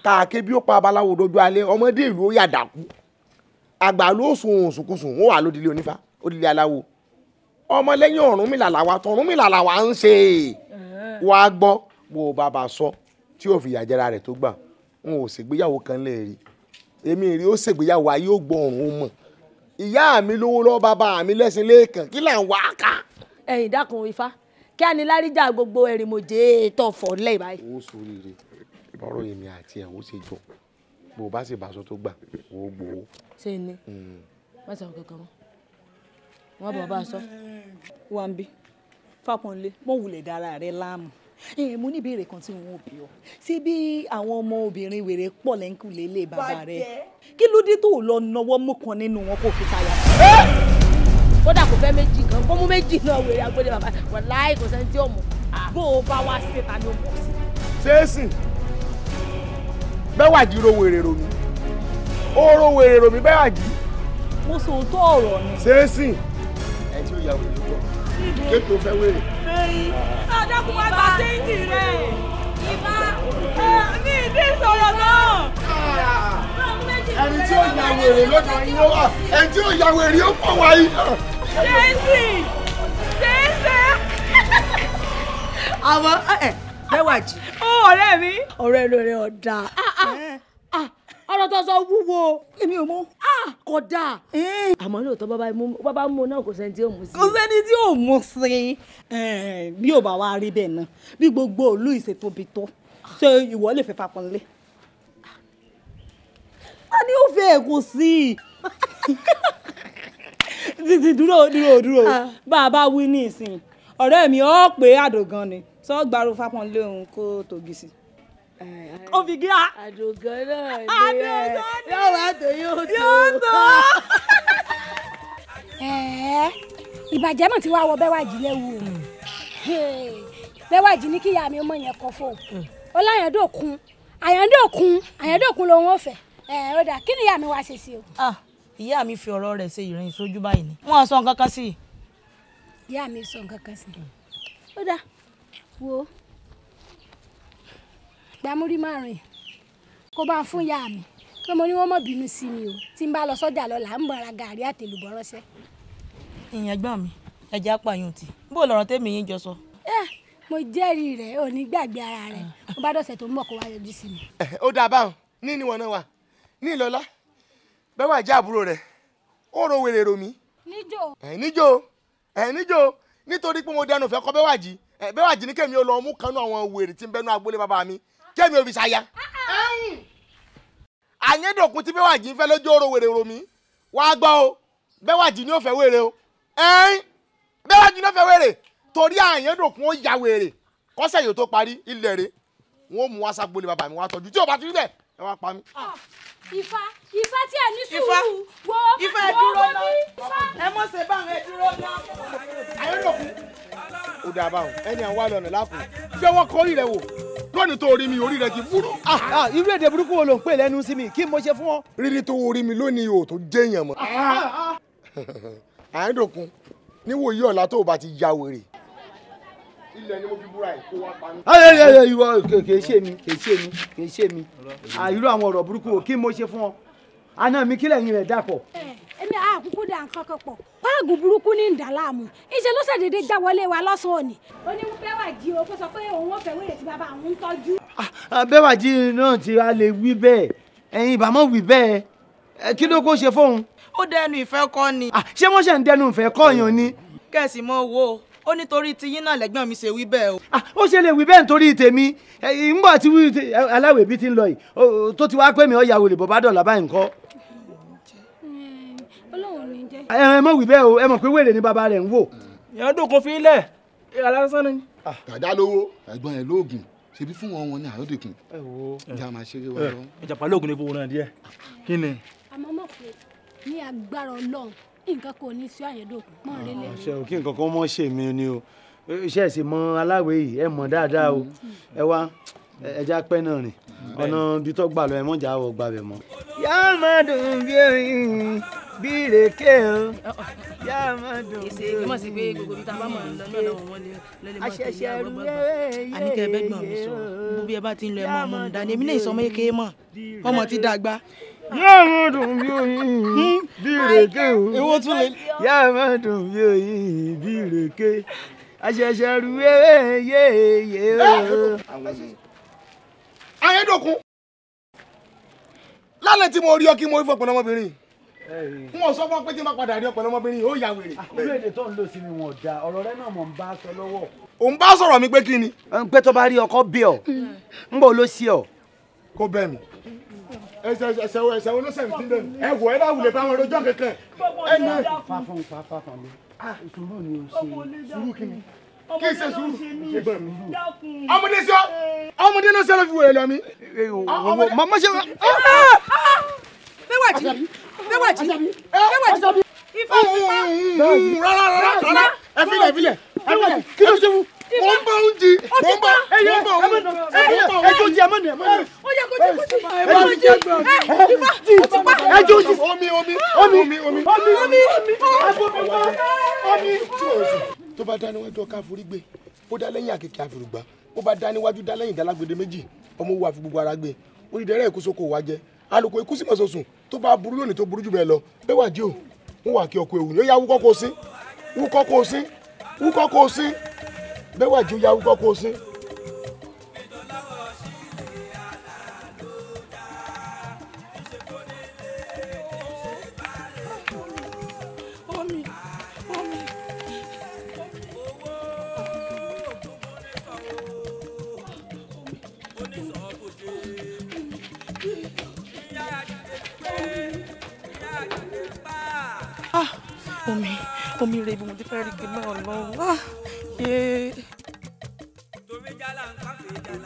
kàáké bí ó pa abaláwo dojú alẹ́ ọmọdé ìlú ó yà dàkú àgbà ló sùn ó wà lódìlé onífá ó aláwo ọmọlẹ́yìn Ọ̀rúnmìlà làwa tọ̀rúnmìlà làwa ń ṣe é wá eh. gbọ́ mo ò bàbà sọ tí yóò fi yàjẹra rẹ̀ tó gbà n ò ṣègbéyàwó kan lè rí èmi rí ó ṣègbéyàwó ayé ò gbọ́ ọ̀run mọ̀ ìyá mi lówó lọ́wọ́ bàbá mi lẹ́sìn lẹ́ẹ̀kan kí là ń wá ká. ẹ̀yin dákun ifá kí aniláríjà gbogbo ẹ̀rìmọ̀jẹ́ tó fọ́ lẹ̀ báyìí. owó sórí rẹ bọ́rọ̀ èmi àti ẹ̀ ó ṣe jọ bó o bá sì bá tó gbà ó gbowó. ṣé ni wọ́n hmm. sọ kankan mọ́ wọ́n bọ̀ bá a sọ. wà bí fápọ́nlé mọ̀ wulẹ̀ dára rẹ láàmú mo ní ìbéèrè kan tí n ò bí ọ ṣé bí àwọn ọmọ obìnrin wèrè pọ̀ lẹ́ńkùlé lè bàbá rẹ kí ló dé tó lọ nọwọ́ mú nínú wọn kó fi tayà. kódà kò fẹ́ méjì kan kó mú méjì náà wèrè agbélé bàbá wọn láì kò sẹ́ni tí bó o bá wá sí ta ni ó mọ̀ sí. ṣéèsì bẹ́wà jí ro wèrè rò mí ó ro wèrè rò mí bẹ́wà jí. mo sòótọ́ ọ̀rọ̀ ni. ṣéèsì ẹ̀ tí yà wèrè kéto fẹ́ wéèrè. ọ̀dọ́kùn ah, wa gba síǹdì rẹ̀ ìbá mi eh, ní sọ̀rọ̀ náà. ẹni tí ó ya wèrè lọ́dọ̀ yín ó wà ẹni tí ó ya wèrè ó pọ̀ wá yín náà. ṣéǹsì ṣéǹsì. àwọn ẹ eh, eh, bẹ́wà jì. ó ọ̀rẹ́ mi. ọ̀rẹ́ lóore ọ̀dà. Ah, ah, ọ̀rọ̀ tó sọ wúwo. èmi ò mọ. a kò dáa. àmọ́ lóòótọ́ bàbá mú náà kò sẹ́ni tí ò mú sí. kò sẹ́ni tí ò mú sí. Eh, bí ò bá wá rí bẹ́ẹ̀ náà bí gbogbo òlú ìṣètòbi tó ṣé ìwọ lè fẹ́ fapọ̀nlé. a ní ó fẹ́ kò sí títí dúró dúró dúró ah. bá wí ní ìsìn ọ̀rẹ́ mi ọ̀ pé àdògan ni sọ́ọ́ gbàrú fapọ̀nlé òun kó tògì sí òfìgíà. àdògán náà ni ẹ yóò wá tó yóò tó. yóò tó. ẹ̀ẹ́ ìbàjẹ́ mọ̀ tí wàá wọ bẹ́wàjì léwu hmm. bẹ́wàjì ní kíyà mi mọ̀ yẹn kọ́ fún hmm. un ó láyàn dòkun àyàn lòun ò fẹ́ ó dà kí ni ìyá mi wá ṣe sí o. ìyá mi fi ọ̀rọ̀ rẹ̀ ṣe ìrìn ìṣojú báyìí ni wọ́n sọ nǹkan kan sí i. ìyá mi sọ nǹkan kan sí i hmm. ó dà wo gbàmúrí márùn-ún kó bá ń fún yá mi pé mo ní wọ́n mọ̀ bínú sí mi o tí n bá lọ sọ́jà lọ́la ń bọ̀ ra gàrí àtẹlùbọ̀ ránṣẹ́. ìyẹn gbọ́n mi ẹ̀jẹ̀ apààyàn tì bó lọ́rọ̀ tèmi yín jọ sọ. ẹ mo jẹ́rìí rẹ̀ ò ní gbàgbé ara rẹ̀ mo bá dọ̀sẹ̀ tó ń bọ̀ kó wá yọjú sí mi. ó dáa báwọn ní ni wọn náà wà ní ìlọlá bẹ́ẹ̀ wà jẹ́ àbúrò rẹ̀ ó ro wèrè rò mí. níjó. níjó níjó nítorí pé mo dẹnu fẹ́ kọ́ bẹ́ẹ̀ wà jí bẹ́ẹ̀ wà jí ní kẹ́mi ó lọ mú kanú àwọn wèrè tí ń bẹ́nu agboolé bàbá mi kémi ò fi ṣaya. àyẹ̀dọ̀kun tí bẹ́wàjì ń fẹ́ lójú oró wèrè rò mí wàá gbọ́ o bẹ́wàjì ni ó fẹ́ wèrè o bẹ́wàjì ni ó fẹ́ wèrè torí àyẹ̀dọ̀kun ó ya wèrè kọ́sẹ̀ yóò tó parí ilẹ̀ rẹ̀ wọ́n mú wá sagbolé bàbá mi wá tọ́jú tí ò bá ti rí bẹ́ẹ̀ ẹ wá pa mí ìfà ah, ìfà tí ẹ ní sùúrù wo ìfà ẹ dúró náà ẹ mọ̀ ṣe bá ẹ dúró náà. àyẹ̀wò kù ó dà báwọn ẹni àwọn wà lọ́nà láàpù fẹ́ wọ́n kọ́ rí lónìí tó rí mi orí rẹ ti burú. Ah, ah, irú èdè burúkú wo ló ń pè lẹ́nu sí mi kí mo ṣe fún ọ. rírí tó rí mi lónìí ò tó jẹ́yàn mọ́. àyẹ̀dọ̀kun níwòyí ọ̀la tó o bá ti ya wèrè ilẹ̀ ni mo fi búra ẹ̀ kó wá pa mí. ayé ayé ìwọ kèé ṣe mi kèé ṣe mi kèé ah, àwọn ọ̀rọ̀ burúkú o kí mo ṣe fún ọ àná mi kílẹ̀ yín rẹ̀ dàpọ̀ eh, èmi àkúkú dà nǹkan kan pọ̀ páàgù burúkú ní ìdàlámù iṣẹ́ ló ṣàdédé já wọlé wa lọ́sàn-án òní. ó ní bẹ́wà jí o kó sọ pé òun ò fẹ́ wèrè tí bàbá àwọn ń tọ́jú. Ah, ah, bẹ́wà jí náà ti a lè wí bẹ́ẹ̀ ẹ̀yin ìbámọ̀ wí bẹ́ẹ̀ kí ló kó ṣe fóun. ó dẹnu ìfẹ́ kọ́ ni. Ah, ṣé wọ́n ṣe ń dẹnu ìfẹ́ kọ́ yàn ni. kẹ̀sì mọ wo ó nítorí tiyín náà lẹ́gbọ́n mi ṣe wí bẹ́ẹ̀ o. ó ṣe lè wí bẹ́ẹ̀ nítorí tèmi ńgbà tí aláwẹ̀ bíi ti ń lọ yìí tó ti wá pè mí ọ̀yàwó lè bọ̀ bá dọ̀là báyìí nǹkan ẹ mọ̀ wí bẹ́ẹ̀ o ẹ mọ̀ pé wèrè ni bàbá rẹ̀ ń wò. ìyẹn dùn kó fi ilẹ̀ alásán ni. Ah. dàdá lówó ẹ̀gbọ́n ẹ̀ lóògùn ṣebí fún wọn wọn ní àyọ̀dẹ̀kùn. ẹ wo ìjà máa ṣeré wa lọ. ìjà pàlẹ́ ògùn ni fowó náà díẹ̀ kí ni. àmọ́ mọ̀ pé ní agbára ọlọ́run nǹkan kò ní sí àyẹ̀dẹ̀kùn mọ́ rẹ́lẹ̀. ṣe o kí nǹkan kan mọ́ ṣèmi ni o iṣẹ́ ìsìn mọ aláwẹ̀ yìí ẹ mọ̀ dáadáa o mm. ẹ wá ẹja pẹ́ náà rìn ọ̀nà bitọ́ gbà lọ ẹ mọ̀jà wọ gbàbẹ̀ mọ́. yá máa dùn bí oyin bí ìrèké o yá máa dùn bí oyin. èsè ìgbìmọ̀ sí pé gbogbo ibi tá a bá mọ̀ lọ náà lọ́wọ́ wọn lè mọ̀ tó yá gbọ́gbọ́n. àníkẹ́ ẹbẹ́ gbọ́n mi sọ bó bí ẹ bá ti ń lọ ẹ máa dání èmi náà ìsọmọ èké mọ̀ ọmọ ti dàgbà. yá máa dùn bí oyin bí hmm? ìrèké o èwo tún dùn bí oyin bí ìrèké àṣẹ̀ṣẹ̀ rú ewé yéye o ayédòkun lálẹ́ tí mo rí ọ kí mo rí fọ pẹ̀lú ọmọbìnrin n ò sọ fún ọ pé tí n bá padà rí ọ pẹ̀lú ọmọbìnrin ó yà wèrè. àkúrò ah, èdè tó ń lò sí mi wọn ò da ọ̀rọ̀ rẹ náà mò ń bá sọ lọ́wọ́. ò ń bá sọ̀rọ̀ mi pé kí ni. pé tó bá rí ọkọ bí ọ hmm. ń bọ̀ ló sí ọ. kó bẹ́ẹ̀ mi ẹsẹ ẹsẹ ẹsẹ olóṣèlú ti ń bẹ ẹ wọ ẹ bá wulẹ̀ bá wọn rojọ́ ẹ náà. fàfọ̀n fàfọ̀n mi ah. sùúrù ni o ṣe sùúrù kí n ṣe sùúrù ọmọdé sọ ọmọdé náà sọ ló fi wèrè lọ mi. Ah, mama ṣe. bẹ́wàjì bẹ́wàjì bẹ́wàjì ifá mm, ifá. Mm, mm, rárá rárá rárá ẹ filẹ̀ ẹ kí ló ṣe fún mo ń bá oúnjẹ mo ń bá ẹyẹ mo ń bá oúnjẹ ẹjọ oúnjẹ mọ ni ẹ ni. ó yẹ kó jẹ kó jẹ ẹjọ oúnjẹ ìfà ìfà ẹjọ oúnjẹ omi omi omi omi omi omi omi omi omi omi tó bá dá níwájú ọkà àforígbé bó dá lẹ́yìn àkèké àfìrùgbà bó bá dá níwájú dá lẹ́yìn ìdálágbèdè méjì ọmọ wo àfi gbogbo ara gbé onídẹ̀rẹ́ ìkóso kò wá jẹ alùpùpù ikú sì mọ̀sọ̀sùn tó bá burú lónìí tó burú jù bẹ́ẹ̀ lọ bẹ́ẹ̀ wà jẹ́ ń wà kí ọkọ̀ èwù ni yá wúkọ́ kó sí wúkọ́ kó sí sí bẹ́ẹ̀ wà yá wúkọ́ kó sí. omi rẹ̀ ibi mo ti fẹ́ rí gbé náà lọ́wọ́ ah,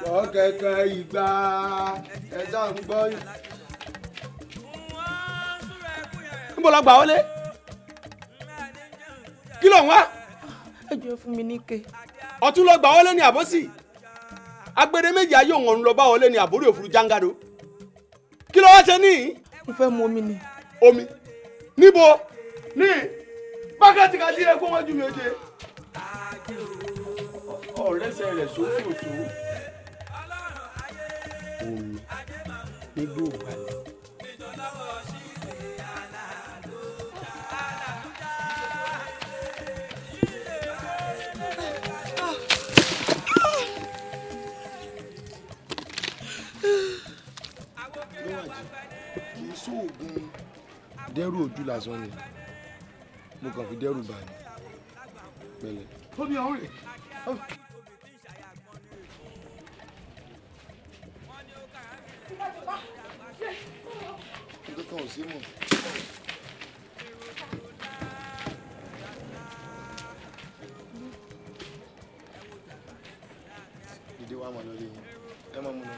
ìgbọ́ kẹ̀kẹ́ ìgbà ẹ̀dá ń gbọ́. níbo la gbà ó lé kí ló ń wá. ẹ jẹ́ fún mi níke. ọ̀tún lọ gbà ó lé ní àbọ́sì agbede méjì ayé òun lọ bá wọlé ní àbórí òfurufú jangado kí ló wá ṣe níyì. mo fẹ́ mu omi ni. omi níbo níyì wákàtí kan sílẹ̀ kó wọ́n ju méje. ọ̀rẹ́sẹ̀ rẹ̀ sókè òtún. omi nígbà ògbàlẹ̀. dẹ́rù ojú lásán ni mo kàn fi dẹ́rù bà ní pẹ̀lẹ́. tóbi àwọn rè. ọdún kan ò sí mọ̀. dìde wá mọ̀ lórí yín mọ̀ mọ̀ lórí.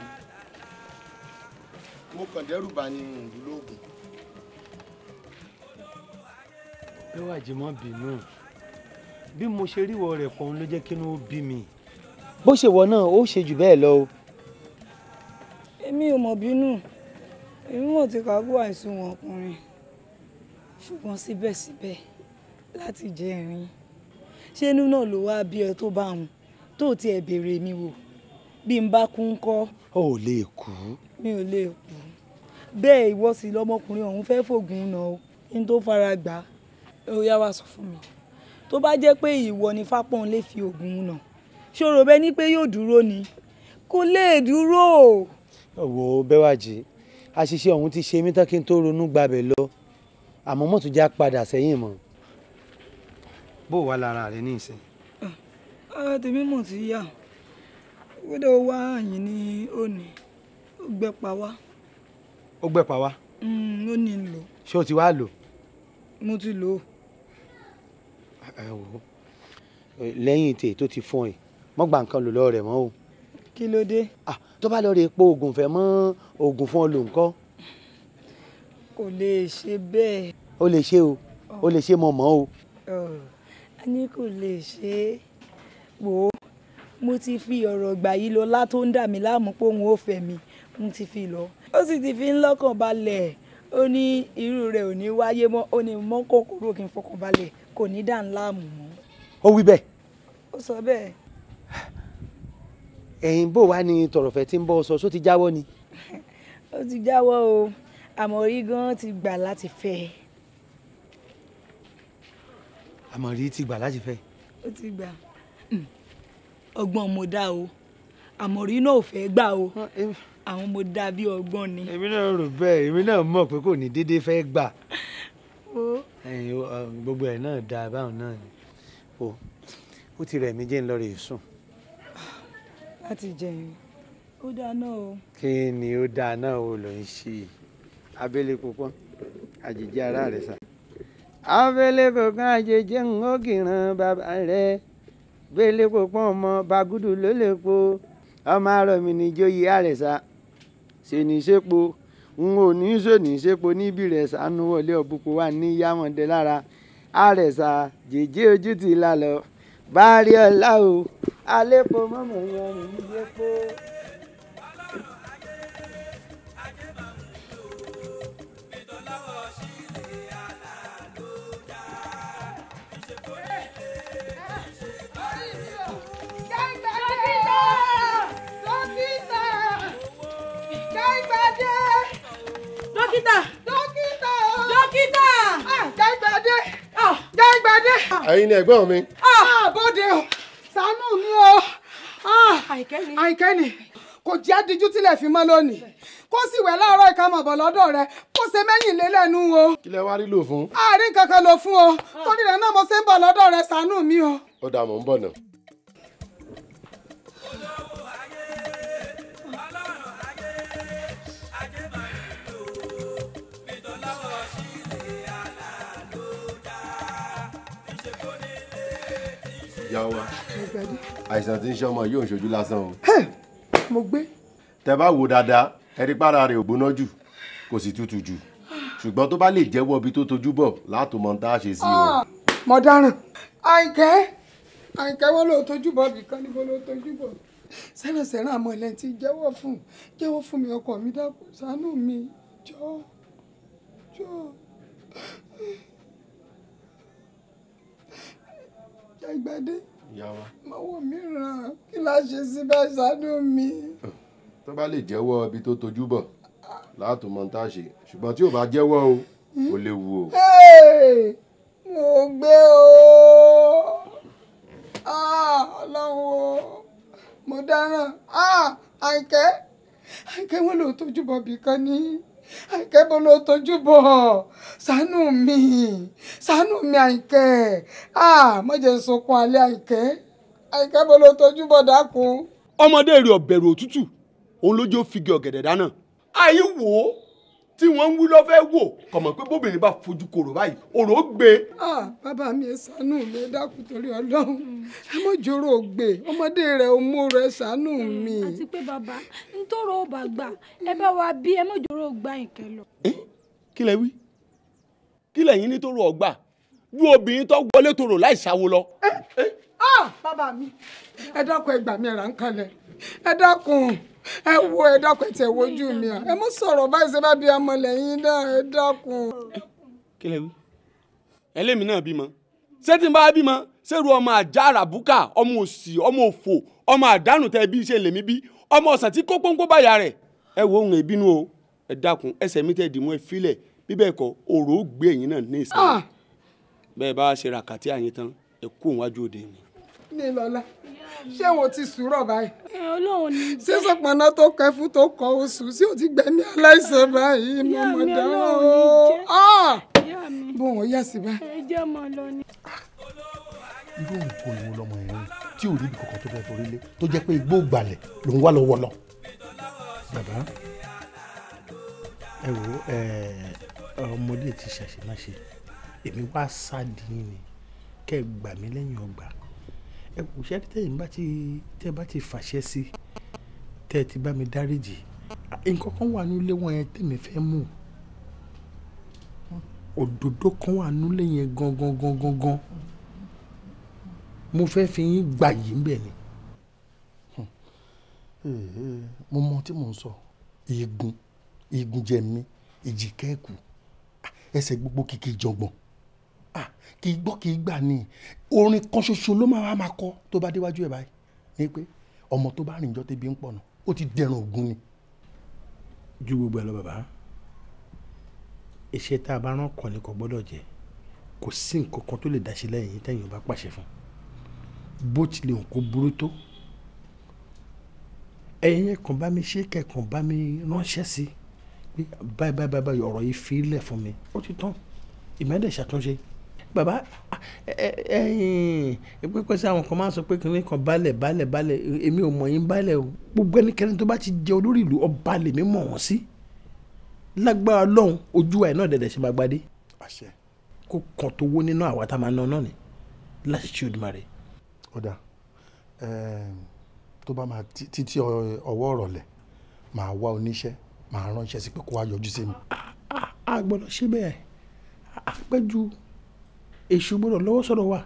mo kàn dẹ́rù bà ní ìlú lóògùn. Bẹ́wàjì má bínú. Bí mo ṣe ríwọ rẹ̀ pọ̀n ló jẹ́ kí inú ó bí mi. Bó ṣe wọ náà ó ṣe jù bẹ́ẹ̀ lọ o. Èmi ò mọ̀ bínú. Èmi mọ̀ ti kàgbó àìsùn wọn ọkùnrin. Ṣùgbọ́n síbẹ̀síbẹ̀ láti jẹ́ ẹ̀rín. Ṣé inú náà ló wá bí ẹ tó bá wọn tó tiẹ̀ béèrè mi wò? Bí n bá kú ń kọ́. O ò lè kú. Mi ò lè kú bẹ́ẹ̀ ìwọ sì lọmọkùnrin ọ̀hún fẹ́ fògùn náà o tó fara gbà ọ̀yá wa sọ fún mi tó bá jẹ́ pé ìwọ ni Fápọ́nlé fi oògùn nà ṣòro bẹ́ẹ̀ ni pé yóò dúró ni kò lè dúró. wo bẹ́wàjì àṣìṣe ọ̀hún ti ṣe mí tán kí n tó ronú gbabẹ̀ lọ àmọ́ mọ́tò já padà sẹ́yìn mọ́ bó wà lára rẹ ní ìsìn. Ah, ara tèmi mọ̀ ti yá wíńdò wá àyìn ní òní ó gbẹ pa wá. ó gbẹ pa wá. Mm, ó ní lò. ṣé o ti wá lò. mo ti lò ó lẹ́yìn tè tó ti fún ẹ mọ́ gba nǹkan lò lọ́ọ́ rẹ̀ mọ́ o. kí ló dé. tó bá lọ rè po oògùn fẹ́ mọ́ oògùn fún ọ lò ńkọ́. kò lè ṣe bẹ́ẹ̀. ó lè ṣe o ó lè ṣe mọ̀ mọ́ o. a ní kò lè ṣe é pò ó mo ti fi ọ̀rọ̀ gbà yí lọ látó ń dà mí láàmú pé òun ò fẹ́ mi mo ti fi lọ ó sì ti fi ń lọ́kàn balẹ̀ ó ní irú rẹ̀ ò ní wáyé mọ́ ó ní mọ́ kòkòrò kí n fọkàn balẹ̀ kò ní dà ń láàmú mọ́. ó wí bẹ́ẹ̀. ó sọ bẹ́ẹ̀. ẹ̀yin bò wá ní tọ̀rọ̀fẹ́ tí ń bọ́ sọ só ti jáwọ́ ni. ó ti jáwọ́ o àmọ̀rí gan ti gbà láti fẹ́ ẹ. àmọ̀rí ti gbà láti fẹ́. ó ti gbà hmm. ọgbọ́n mo dá o àmọ̀rí náà ò fẹ́ gbà o ah, àwọn mo dá bí ọgbọ́n ni. èmi náà rò bẹ́ẹ̀ èmi náà mọ̀ pé kò ní déédéé fẹ́ gbà. Um, gbogbo ẹ̀ náà dáa báwọn náà ni o ó ti rẹ̀ mí jẹ́ ń lọ rè sùn. láti jẹun ó dáa náà o. kí ni ó dáa náà o ló ń ṣe abẹ́lé púpọ̀ àjèjì ara rẹ̀ sà. abẹ́lé púpọ̀ àjèjì ń ó kìran bàbá rẹ̀ bẹ́lẹ̀ púpọ̀ ọmọ bagudu ló lè po ọmọ arọ mi ní jóyè àrẹ̀sà ṣèníṣẹ́po n ò ní sòní sépo níbi rẹ̀ sànú wọlé ọ̀bùkún wà ní yámọ̀dé lára àrẹ̀sà jèjé ojú ti là lọ bá rí ọ̀la o alẹ́ pọ̀ mọ́mọ́ yẹn nìyí pé. ẹ̀yin ni ẹ̀gbọ́n mi. Ah, bóde o ṣàánú mi o ah, àìkẹ́ ni kò jẹ́ àdíjú tílẹ̀ fi mọ́ lónìí kó sì wẹ̀ láàárọ̀ ìkàmọ̀ bọ̀ lọ́dọ̀ rẹ kó ṣe mẹ́yìn lé lẹ́nu o. kí lẹ wá rí lò fún. àárín kankan lò fún o torí rẹ náà mo ṣe ń bọ̀ lọ́dọ̀ rẹ ṣàánú mi o. ó dà ń bọ̀ náà. dàdí. àìsàn tí ń ṣe ọmọ yóò ṣojú lásán o. mo gbé. tẹ bá wo dáadáa ẹ rí para rẹ̀ ò gbóná jù kò sì tutù jù ṣùgbọ́n tó bá lè jẹ́wọ́ ibi tó tojú bọ̀ látò mọ̀ tá a ṣe sí o. Ah, mo dáràn àìkẹ́ àìkẹ́ wọ́n ló tojú bọ̀ bìkan níbo ló tojú bọ̀ sẹ́rànsẹ́ràn àmọ́ ilẹ̀ ti jẹ́wọ́ fún jẹ́wọ́ fún mi ọkọ mi dákun ṣàánú mi jọ̀ọ́ jọ̀ọ́. Àgbàdé yàrá. màwọ mìíràn kí la ṣe sí bá ṣàánú mi. tó bá lè jẹ́wọ́ ibi tó tojú bọ̀ látùn tá a ṣe ṣùgbọ́n tí ò bá jẹ́wọ́ o ò léwu o. mo gbé o ah, ọlọ́run o mo dáràn ah, àìkẹ́ àìkẹ́ wọn lò tójú bọ̀ bìkan ní. àìkẹ́ bó ló sanu bọ̀ ṣàánú mi ṣàánú mi àìkẹ́ mọ̀jẹ̀ sunkún alẹ́ àìkẹ́ àìkẹ́ bó ló ọmọdé rịọ ọ̀bẹ̀rù òtútù òun ló jẹ́ òfìgì ọ̀gẹ̀dẹ̀ tí wọ́n ń wí lọ́fẹ́ wò kọ̀mọ̀ pé bóbìnrin bá fojú kòrò báyìí òrò gbé. bàbá mi ẹ ṣàánú mi ẹ dákun torí ọlọ́run ẹ mọ̀ jòrò gbé ọmọdé rẹ ọmọ rẹ ṣàánú mi. àti pé bàbá ń tọrọ ẹ bá wa bí ẹ mọ̀ jòrò gbà ìkẹ lọ. ẹ kí lẹ wí kí lẹ̀yin ní tọrọ ọgbà ju obìnrin tó wọlé tọrọ láì ṣàwo lọ. bàbá mi ẹ dákun ẹ gbà mi ẹ rà ń kalẹ̀. ẹ dákun ẹ wo ẹ dákun ẹ tẹ wojú mi à ẹ mú sọ̀rọ̀ báyìí ṣe bá bí ọmọ lẹ́yìn náà ẹ dákun. kí lè wí ẹlẹ́mìí náà bímọ ṣé tí n bá bímọ ṣé ru ọmọ àjà àràbùkà ọmọ òsì ọmọ òfò ọmọ àdánù tẹ bí ṣe lèmi bí ọmọ ọ̀sán tí kó pọ́npọ́n báyà rẹ̀ ẹ wo ohun ìbínú o ẹ dákun ẹsẹ̀ mi tẹ dì mọ́ ẹ filẹ̀ bíbẹ̀ kọ òrò gbé ẹ̀yìn náà ní ìsìn ah! bẹ́ẹ̀ bá ṣe ràkàtì àyìn tán ẹ kú òun wájú òde mi. ní ìlọlá ṣé wo ti sùúrọ̀ báyìí. ẹ ọlọ́run ni. ṣé sọpọnà tó kẹ fún tó kọ oṣù sí ò ti gbẹ̀mí aláìsàn báyìí mo mọ̀ dáná o. bóun ó yà sí báyìí. ẹ jẹ́ mọ lọ ni. irú òǹkọ ìwọ lọmọ yẹn ni tí ò ríbi kankan tó fẹ́ forí lé tó jẹ́ pé igbó gbalẹ̀ ló ń wá lọ́wọ́ lọ. bàbá ẹ wo ọmọdé ti ṣàṣemáṣe èmi wá sáà dín ní kẹ́ ẹ gbà mí lẹ́yìn ọgbà ẹ kò ṣe tẹ́yìn bá ti tẹ́ bá ti fàṣẹ sí tẹ́ ẹ ti bá mi dáríjì nǹkan kan wà nílé wọn yẹn tèmi fẹ́ mú òdòdó kan wà nílé yẹn gangan gangan gan mo fẹ́ fi yín gbà yìí ń bẹ̀ ni. mo mọ tí mò ń sọ igun igun jẹ mi ìjìká ẹ̀kú ẹsẹ̀ gbogbo kìkì jọ̀gbọ̀n Ah, kì í gbọ́ kì í gbà ní orin kan ṣoṣo ló máa máa kọ tó bá déwájú ẹ̀ báyìí ni pé ọmọ tó bá rìn jọ tẹ́bi ń pọ̀nà ó ti dẹrùn ògún ni. ju gbogbo ẹ lọ bàbá iṣẹ́ tá a bá rán kọ́ni kò gbọ́dọ̀ jẹ́ kò sí nǹkan kan tó lè dá sí lẹ́yìn tẹ́yìn bá pàṣẹ fún bó tilẹ̀ òun kò burú tó ẹ̀yin kan bá mi ṣe kẹ̀kan bá mi ránṣẹ́ sí báyìí báyìí báyìí ọ̀rọ̀ yìí fi lẹ̀ fún mi ó ti tán ìmọ̀ ẹ̀ dẹ̀ ṣàtúnṣe baba ẹyìn pípẹ́ sí àwọn kan máa sọ pé kìnìún kan balẹ̀ balẹ̀ balẹ̀ èmi ò mọ̀ yín balẹ̀ o gbogbo ẹnikẹ́ni tó bá ti jẹ́ olórí ìlú ọba lèmi mọ̀ wọ́n sí lágbára lọ́hùn ojú ẹ̀ náà dẹ̀dẹ̀ ṣe máa gbadé kó kàn tó wó nínú àwa tá a máa ná náà ni láti ṣe Olódùmarè. ọ̀dà tó bá máa títí ọwọ́ ọ̀rọ̀lẹ̀ máa wá oníṣẹ́ máa ránṣẹ́ sí pé kó wá yọjú sí mi. a gbọ́dọ̀ ṣe bẹ́ẹ̀ àfipẹ́jù èṣù gbọ́dọ̀ lọ́wọ́ sọ̀rọ̀ wa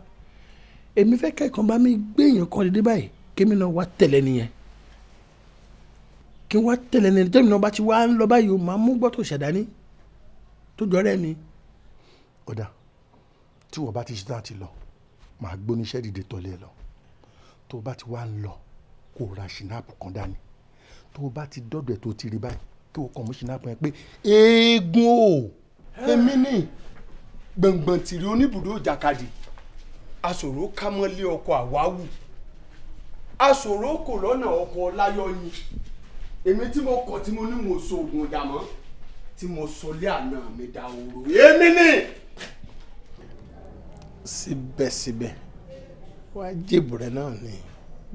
èmi fẹ́ kẹ́kọ̀ọ́ bá mi gbé èèyàn kan dédé báyìí kémi náà wá tẹ̀lé nìyẹn kí n wá tẹ̀lé nìyẹn tẹ́mi náà bá ti wá ń lọ báyìí o máa mú gbọ́tò ṣàdání tó jọrẹ́ mi. ọ̀dà tí wọ́n bá ti ṣe láti lọ màá gbóníṣẹ́ dìde tọ́lé ẹ lọ tó bá ti wá ń lọ kó ra ṣìnáàpù kan dání tó bá ti dọ́dọ̀ ẹ̀ tó ti rí báyìí kí o kàn mú ṣìnáàpù yẹn pé eégún o èmi ni gbọ̀ngbọ̀n tìrì oníbùdó ìjàkadì àṣòro kámọ́lé ọkọ̀ àwáwù àṣòro kò lọ́nà ọkọ̀ láyọ̀yìn èmi tí mo kọ̀ tí mo ní mo so oògùn ọ̀dà tí mo sọ lé àná mi da òru èmi ni. síbẹ̀síbẹ̀ wá jèbù rẹ náà ni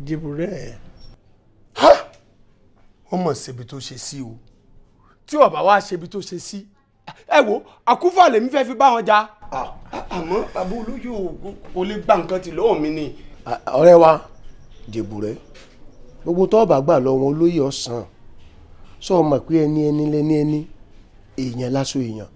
jèbù rẹ. wọ́n mọ̀ ṣebi tó ṣe sí o tí ọba wa ṣebi tó ṣe sí. Si ẹ wo àkúfà lèmi fẹ́ fi bá wọn jà. àmọ́ bàbá olóyè ò lè gba nǹkan tí lọ́wọ́ mi ni. ọ̀rẹ́ wa dìbò rẹ gbogbo tó bá gbà lọ́wọ́ olóyè ọ̀sán sọ ọ mọ̀ pé ẹni ẹni lẹ́ni ẹni èèyàn lásọ èèyàn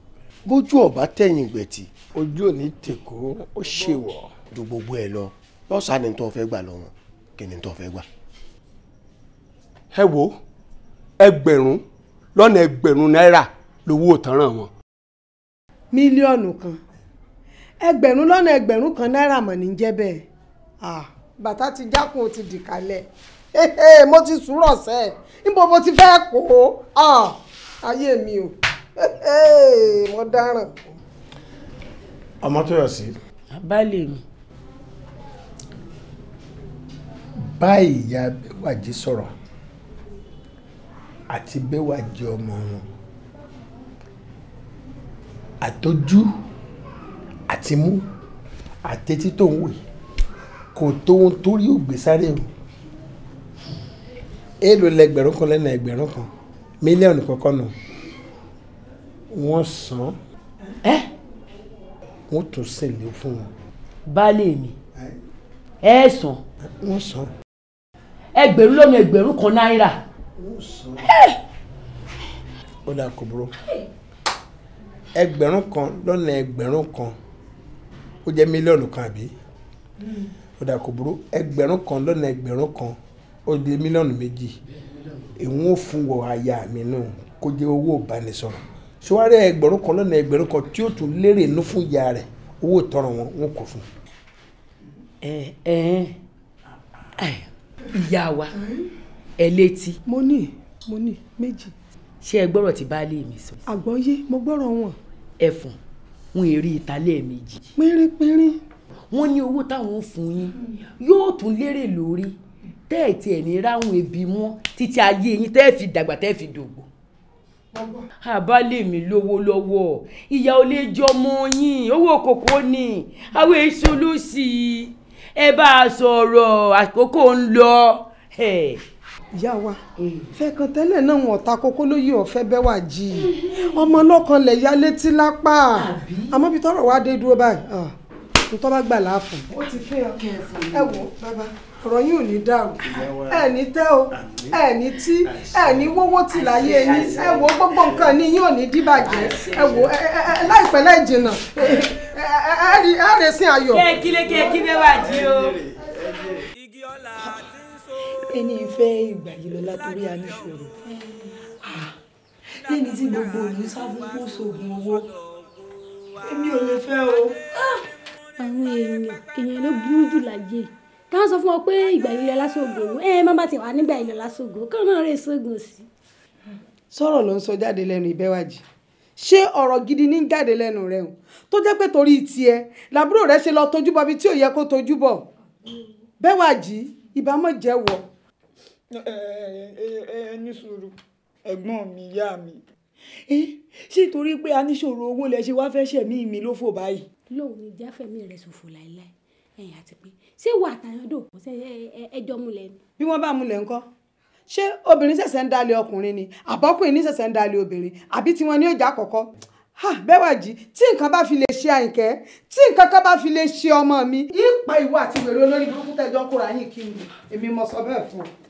bójú ọ̀bá tẹ̀yìn gbẹ̀tì. ojú ò ní tèkó ó ṣèwọ̀. ju gbogbo ẹ lọ lọ́sàn-án ni tó fẹ́ gbà lọ́wọ́ kí ni tó fẹ́ gbà. ẹ wo ẹgbẹ̀rún lọ́nà ẹgbẹ̀rún náírà lówó òtanràn wọn. mílíọ̀nù kan ẹgbẹ̀rún lọ́nà ẹgbẹ̀rún kan náírà mọ̀ ní jẹ́ bẹ́ẹ̀ bàtà ti jákun ó ti dìkalẹ̀ mo ti sùúrọ̀ sẹ́ ẹ̀ níbo mo ti fẹ́ kó ayé mi o mo dáràn. ọmọ tó yọ sí. abálé mi. bá ìyá bẹ́wàjì sọ̀rọ̀ àti bẹ́wàjì ọmọ wọn àtọ́jú àtimú àtẹ́tí tó ń wè kò tó ohun tó rí ògbé sáré o èèlò lẹgbẹ̀rún kan lẹ́nà ẹgbẹ̀rún kan mílíọ̀nù kọ̀ọ̀kan nù wọ́n san ẹ́ wọ́n tún sèlè fún wọn. baálé mi ẹ san. wọ́n san. ẹgbẹ̀rún lọ́nà ẹgbẹ̀rún kan náírà. wọ́n san. ó dà kò burú ẹgbẹ̀rún kan lọ́nà ẹgbẹ̀rún kan ó jẹ́ mílíọ̀nù kan àbí hmm. ó dà kò burú ẹgbẹ̀rún kan lọ́nà ẹgbẹ̀rún kan ó di mílíọ̀nù méjì ìwọ̀n ò fún wọ aya mi nù kó jẹ́ owó ìbánisọ̀rọ̀ ṣùwárí ẹgbẹ̀rún kan lọ́nà ẹgbẹ̀rún kan tí ó tún lérè inú fún ìyá rẹ̀ owó ìtọ́rọ̀ wọn wọn kò fún. ẹ ẹ ìyá wa ẹ létí. mo ní mo ní méjì. ṣé ẹ gbọ́rọ̀ tí baálé mi sọ. àgbọ̀yé mo gbọ́rọ̀ wọn ẹfun wọn èrè ìtàlẹ̀ méjì. pínrínpínrín. wọ́n ní owó táwọn fún yín yóò tún lérè lórí tẹ́ ẹ̀ tiẹ̀ ní ráhùn ebi mọ́ títí ayé yín tẹ́ ẹ̀ fi dàgbà tẹ́ ẹ̀ fi dògbò. àbá lèmi lówó lọ́wọ́ ìyá ò lè jọmọ yín owó kòkó ni àwọn èso ló sì ẹ bá a sọ̀rọ̀ àkókò ń lọ. Hey ìyá wa fẹ́ẹ̀kan tẹ́lẹ̀ náà wọn ọ̀tá kókó ló yí ọ̀fẹ́ bẹ́ẹ̀ wà jí i ọmọ ọlọ́kan lẹ̀ ya létí lápá àmọ́ bí tọrọ wa dé dúró báyìí n tọ́ bá gbà láàfọ̀. ó ti fẹ́ ọ ẹ wò bàbá ọ̀rọ̀ yìí ò ní dàrú ẹ ní tẹ́ o ẹ ní tí ẹ ní wọ́wọ́ tì láyé yín ẹ wò gbogbo nǹkan ní yín ò ní dìbàjẹ́ ẹ wò láìpẹ́ láì jìnnà ẹ ẹ rẹ̀ sí ayọ̀. kí ẹ kílé kí ẹ kílé wà jí o. igi ọ̀la ẹni ìfẹ́ ìgbà yìí lọ látòrí àníṣòro lẹ́ni ah, tí gbogbo òní sáfún kó sóògùn owó èmi ò lè fẹ́ o. Ah! àwọn èèyàn èèyàn ló burú jù láyé tá a sọ fún ọ pé ìgbà yìí lọ lásògùn owó ẹ má bá ti wà nígbà yìí lọ lásògùn owó káwọn náà rè sóògùn sí. sọ̀rọ̀ ló ń sọ jáde lẹ́nu ìbẹ́wàjì ṣé ọ̀rọ̀ gidi ní jáde lẹ́nu rẹ o tó jẹ́ pé torí tiẹ̀ làbúrò rẹ ṣe lọ tojúbọ bí tí ò yẹ kó tojúbọ bẹ́wàjì ìbámọ̀ jẹ́wọ́ ẹ ní sùúrù ẹ̀gbọ́n mi ìyá mi ṣé torí pé a níṣòro owó lẹ ṣe wá fẹ́ ṣẹ̀mí mi ló fò báyìí. lóun ni jáfẹ́mi rẹ̀ ṣòfò láéláé ẹ̀yìn àti pé ṣé wà àtàyàn dò kó ẹjọ́ múlẹ̀ ni. bí wọ́n bá múlẹ̀ ńkọ́ ṣé obìnrin ṣẹ̀ṣẹ̀ ń dalẹ̀ ọkùnrin ni àbọ́kùnrin ní ṣẹ̀ṣẹ̀ ń dalẹ̀ obìnrin àbí tiwọn ní ọjà àkọ́kọ́ bẹ́wàjì tí nǹkan bá fi lè ṣe àyìnkẹ́ tí nǹkan kan bá fi lè ṣe ọmọ mi. ipa ìwọ àti wèrè olórí burúkú tẹjọ kóra yín kí n èmi mọ sọ bẹ́ẹ̀ fún ọ.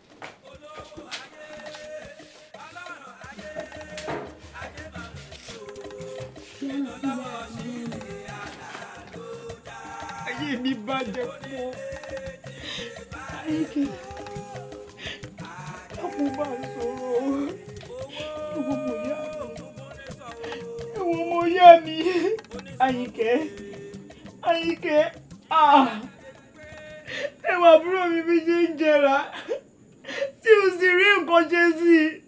ayé mi bàjẹ́ pọ̀ ayéke dákun bá ń sọ̀rọ̀ ìwọ mo yá ìwọ mo yá mi ayíkẹ́ ayíkẹ́ ah ẹwà àbúrò mi bí ṣe ń jẹrà tí o sì rí nǹkan ṣe sí i.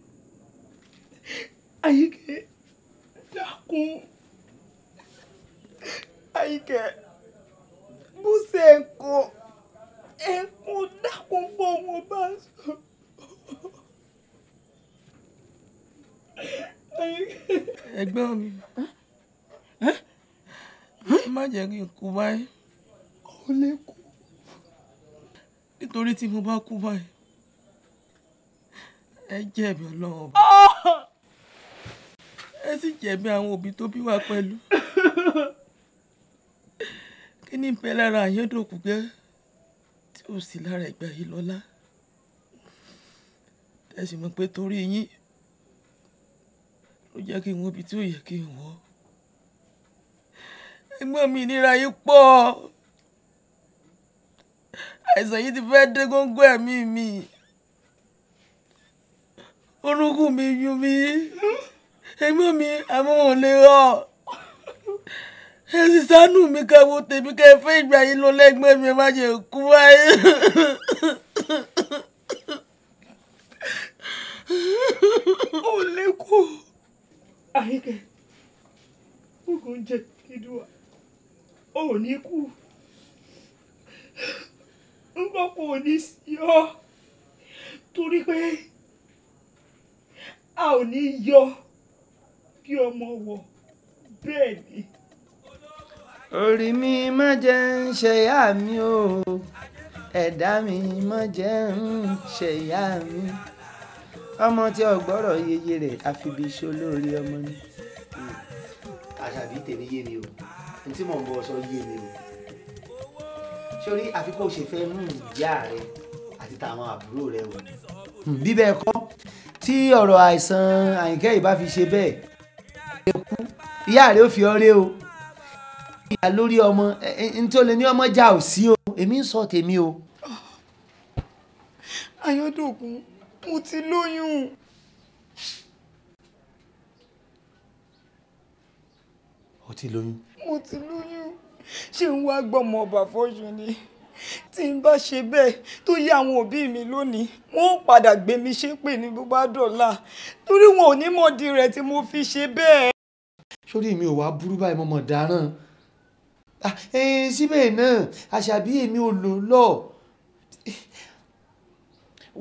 jẹ́ kí n kú báyìí ó lè kú nítorí tí mo bá kú báyìí ẹ jẹ̀bi ọlọ́run ọba ẹ sì jẹ̀bi àwọn òbí tó bí wa pẹ̀lú kí ni bẹ lára àyẹ́dòkú gẹ́ tí ó sì lára ìgbà yìí lọ́lá ẹ sì mọ̀ pé torí yín ló jẹ́ kí n wọ́n ibi tí ò yẹ kí n wọ́ ẹ̀gbọ́n mi ìnira yìí pọ̀ àìsàn yìí ti fẹ́ dé góńgó ẹ̀mí mi orúnkún mi yún mi ẹ̀gbọ́n mi àwọn ò lè rọ ẹsì sánú mi ká wo tèmi ká ẹ fẹ́ ìgbà yìí lọ lẹ́gbẹ̀ẹ́ mi má jẹ́ kú báyìí. ó lè kú àyíkẹ́ ogun jẹ kídùá ò ní kú nǹkan kò ní sí ọ torí pé a ò ní yọ kí ọmọ wọ bẹ́ẹ̀ ni. orí mi má jẹ́ ń ṣe ìyá mi o ẹ̀dá mi má jẹ́ ń ṣe mi ọmọ tí ó gbọ́rọ̀ yeye rẹ̀ àfi bí iṣẹ́ olóore ọmọ ni. àṣàbí tèmi yé mi o tí mò ń bọ̀ sọ yé mi o sórí àfikún ṣe fẹ́ mú ìyá rẹ àti tàwọn àbúrò rẹ o. Hmm. bí bẹ́ẹ̀ kọ́ tí ọ̀rọ̀ àìsàn àyìnkẹ́ yìí bá fi ṣe bẹ́ẹ̀ ẹ̀kú ìyá rẹ ó fi ọrẹ o ìyá lórí ọmọ ntí o lè ní ọmọ já ò sí o èmi ń sọ tèmi o. ayọ̀dògún mo ti lóyún. ó ti lóyún mo ti lóyún ṣé ń wá gbọ́mọ ọba fọ́ṣù ni tí n bá ṣe bẹ́ẹ̀ tó yẹ àwọn òbí mi lónìí wọn ò padà gbé mi ṣépè ní bó bá dọ̀la torí wọn ò ní mọ̀ di rẹ̀ tí mo fi ṣe bẹ́ẹ̀. sórí mi ò wá burú báyìí mo mọ̀ dáràn síbẹ̀ náà àṣàbí èmi ò lò lọ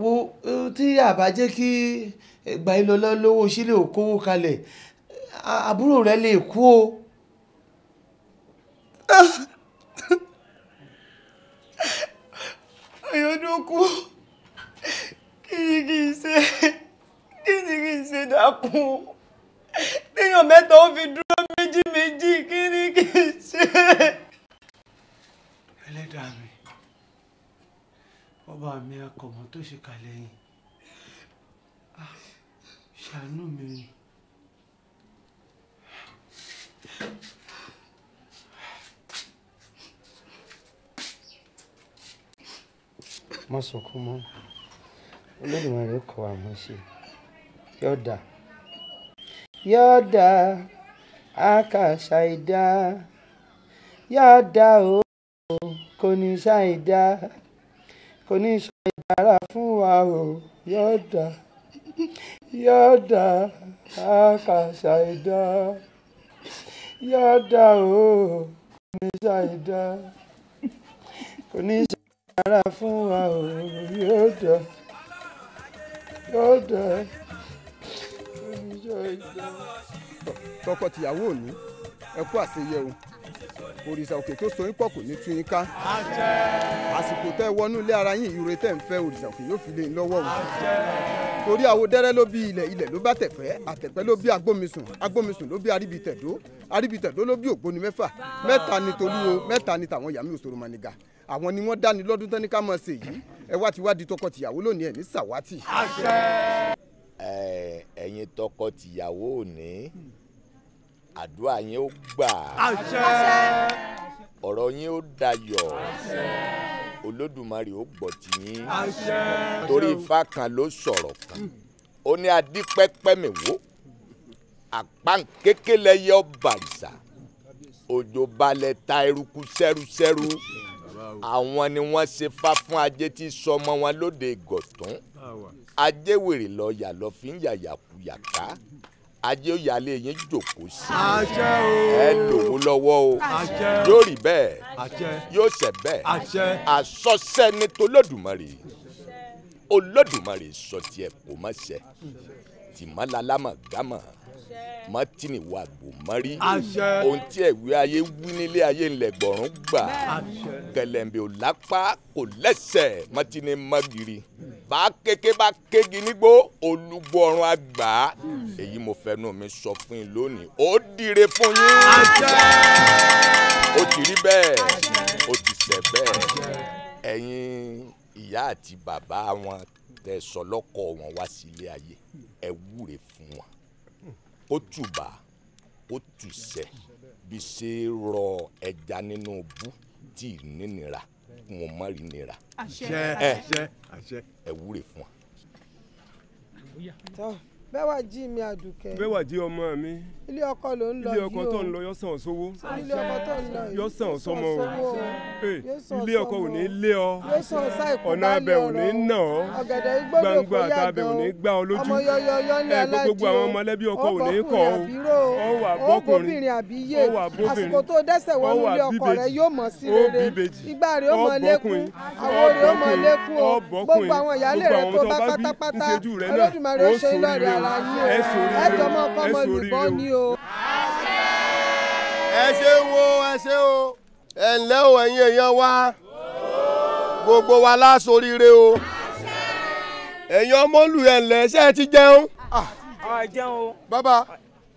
wo tí àbá kí eh, gbàyìí lọ́lọ́ lówó sílẹ̀ òkówó kalẹ̀ àbúrò rẹ̀ lè kú o àyọ̀dọ́kù kí ni kí n ṣe kí se kí n ṣe dákun téèyàn mẹ́ta ó fi dúró méjì méjì kí ni kí n ṣe. ẹlẹ́dàá mi ọba mi akọ̀mọ́ tó ṣe kalẹ̀ yìí ah, ṣàánú mi ni. má sunkún mọ́ Olódùmarè kọ àmọ́ ṣe yọ̀dà yọ̀dà àkàṣà ìdá yọ̀dà o kò ní ṣàìdá kò ní ṣàìdára fún wa o yọ̀dà yọ̀dà àkàṣà ìdá o kò ní ṣàìdá kò ní ṣàìdá dára fún wa o yóò dá yóò dá oníjọ ìjọ. tọkọtìyàwó òní ẹ kú àṣeyẹ o òrìṣà òkè tó so pọ̀ kò ní tú yín ká àsìkò tẹ́ wọnú ilé ara yín ìrè tẹ́ ń fẹ́ òrìṣà òkè yóò fi lé lọ́wọ́ o torí àwo dẹ́rẹ́ ló bí ilẹ̀ ilẹ̀ ló bá tẹ̀pẹ́ àtẹ̀pẹ́ ló bí agbómisùn agbómisùn ló bí aríbitẹ̀dó aríbitẹ̀dó ló bí ògbóni mẹ́fà mẹ́ta ni tolú mẹ́ta ni tàwọn yàmi òṣòro mànìgà àwọn ni wọ́n dání lọ́dún tán ní ká máa ṣe yìí ẹ wá ti wá di tọkọtìyàwó lónìí ẹ ní sàwátì. ẹ̀yin tọkọtìyàwó òní àdúrà yín ó gbà ọ̀rọ̀ yín ó dayọ̀ olódùmarè ó gbọ́ ti yín torí ifá kan ló sọ̀rọ̀ kan ó ní adípẹ́pẹ́ mi wò àpáǹkékélẹ́yẹ ọ̀bàrìṣà òjò balẹ̀ ta eruku sẹ́rúsẹ́rú. Seru, seru àwọn ni wọ́n ṣe fá fún ajé tí sọmọ wọn lóde gọ̀tún ajé wèrè lọ yà lọ fi ń yàyàkuyà ká ajé ó yàlé yín jòkó sí i ẹ lòun lọ́wọ́ o yóò rí bẹ́ẹ̀ yóò ṣẹ bẹ́ẹ̀ àsọsẹ́ ní tolódùmarè olódùmarè sọ tiẹ̀ kò má ṣẹ tìmọ́lálámọ̀ gámọ̀ mọ́tìnì wa gbò mọ́rí ohun tí ẹ̀wí ayé wí nílé ayé ńlẹ̀gbọ̀rún gbà kẹlẹ̀mbẹ̀ ò lápá kò lẹ́sẹ̀ mọ́tìnì mọ́gìrì bá kéke bá kégi nígbó olúgbó ọ̀run àgbà èyí mo fẹnu mi sọ fún yín lónìí ó dire fún yín ó ti rí bẹ́ẹ̀ ó ti ṣẹ bẹ́ẹ̀ ẹ̀yin ìyá àti bàbá wọn tẹ sọlọ́kọ̀ wọn wá sílé ayé ẹ wúre fún wọn ó tùbà ó tùsẹ̀ bí ṣe rọ ẹja nínú bú tí nínira kún wọn má rí nira. àṣẹ àṣẹ àṣẹ. ẹ wúre fún wa bẹ́wà jí mi àdùkẹ́. bẹ́wà jí ọmọ mi. ilé ọkọ ló ń lọ yìí o ilé ọkọ tó ń lọ yọ̀sán ọ̀sọ́wọ́. ilé ọkọ tó ń lọ yìí yọ̀sán ọ̀sọ́mọ o. ilé ọkọ ò ní lé ọ. yọ̀sán ọ̀sá ìkó bá lé ọ̀rọ̀ ọ̀nà abẹ ò ní nà gbangba àtàbẹ ò ní gbá ọ lójú. ọmọ yọyọyọ ní alájí o. gbogbo kọ̀ ọ́. ọwà bọ́kùnrin ara yín o ẹ jọ mọ kọmọ olùbọ ni o. ẹ ṣe wo ẹ ṣe o ẹ ǹlẹ́ o ẹ̀yin èèyàn wa gbogbo wa lásoríire o ẹ̀yin ọmọlù ẹ̀ ǹlẹ́ ṣe é ti jẹun. bàbá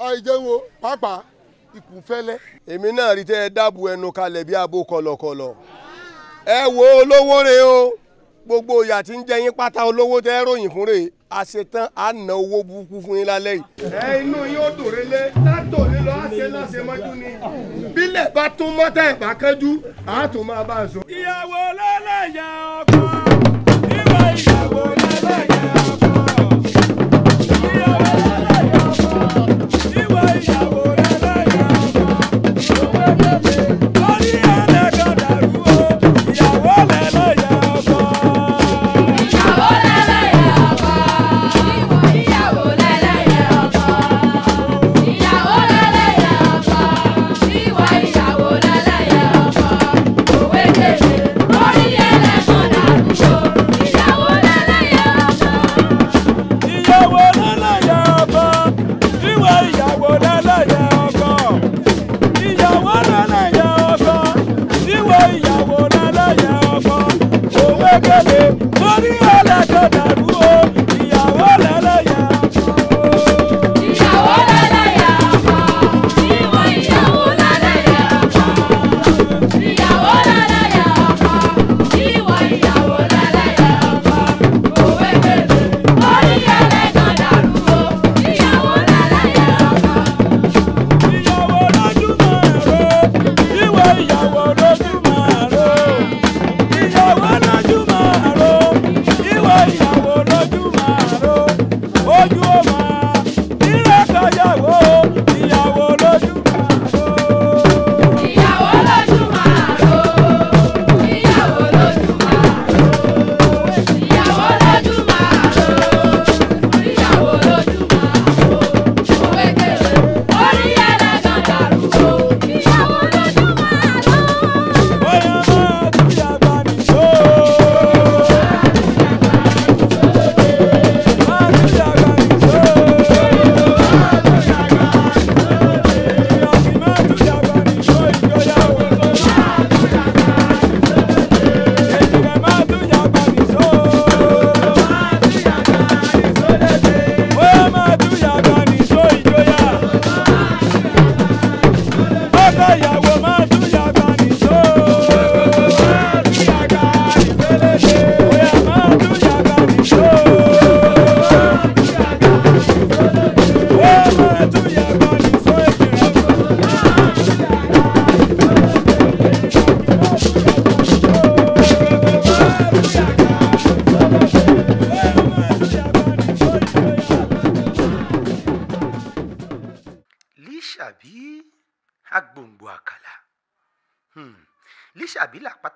àìjẹun o pàápàá ikùn fẹ́lẹ́. èmi náà rí tẹ́ ẹ dábùú ẹnu kalẹ̀ bí abo kọ̀lọ̀kọ̀lọ̀ ẹ wo olówó re o gbogbo ìyà tí ń jẹ yín pátá olówó tẹ́ ròyìn fún rẹ̀ àṣetán á na owó burúkú fún yín lálẹ́ yìí. ẹ inú yín ó dòre lé tátò lọ àṣẹ láṣẹ mọ́jú ni bílẹ̀ bá tún mọ́tà ẹ̀ bá máa bá a sọ. ìyàwó lẹ́lẹ́yà ọkọ.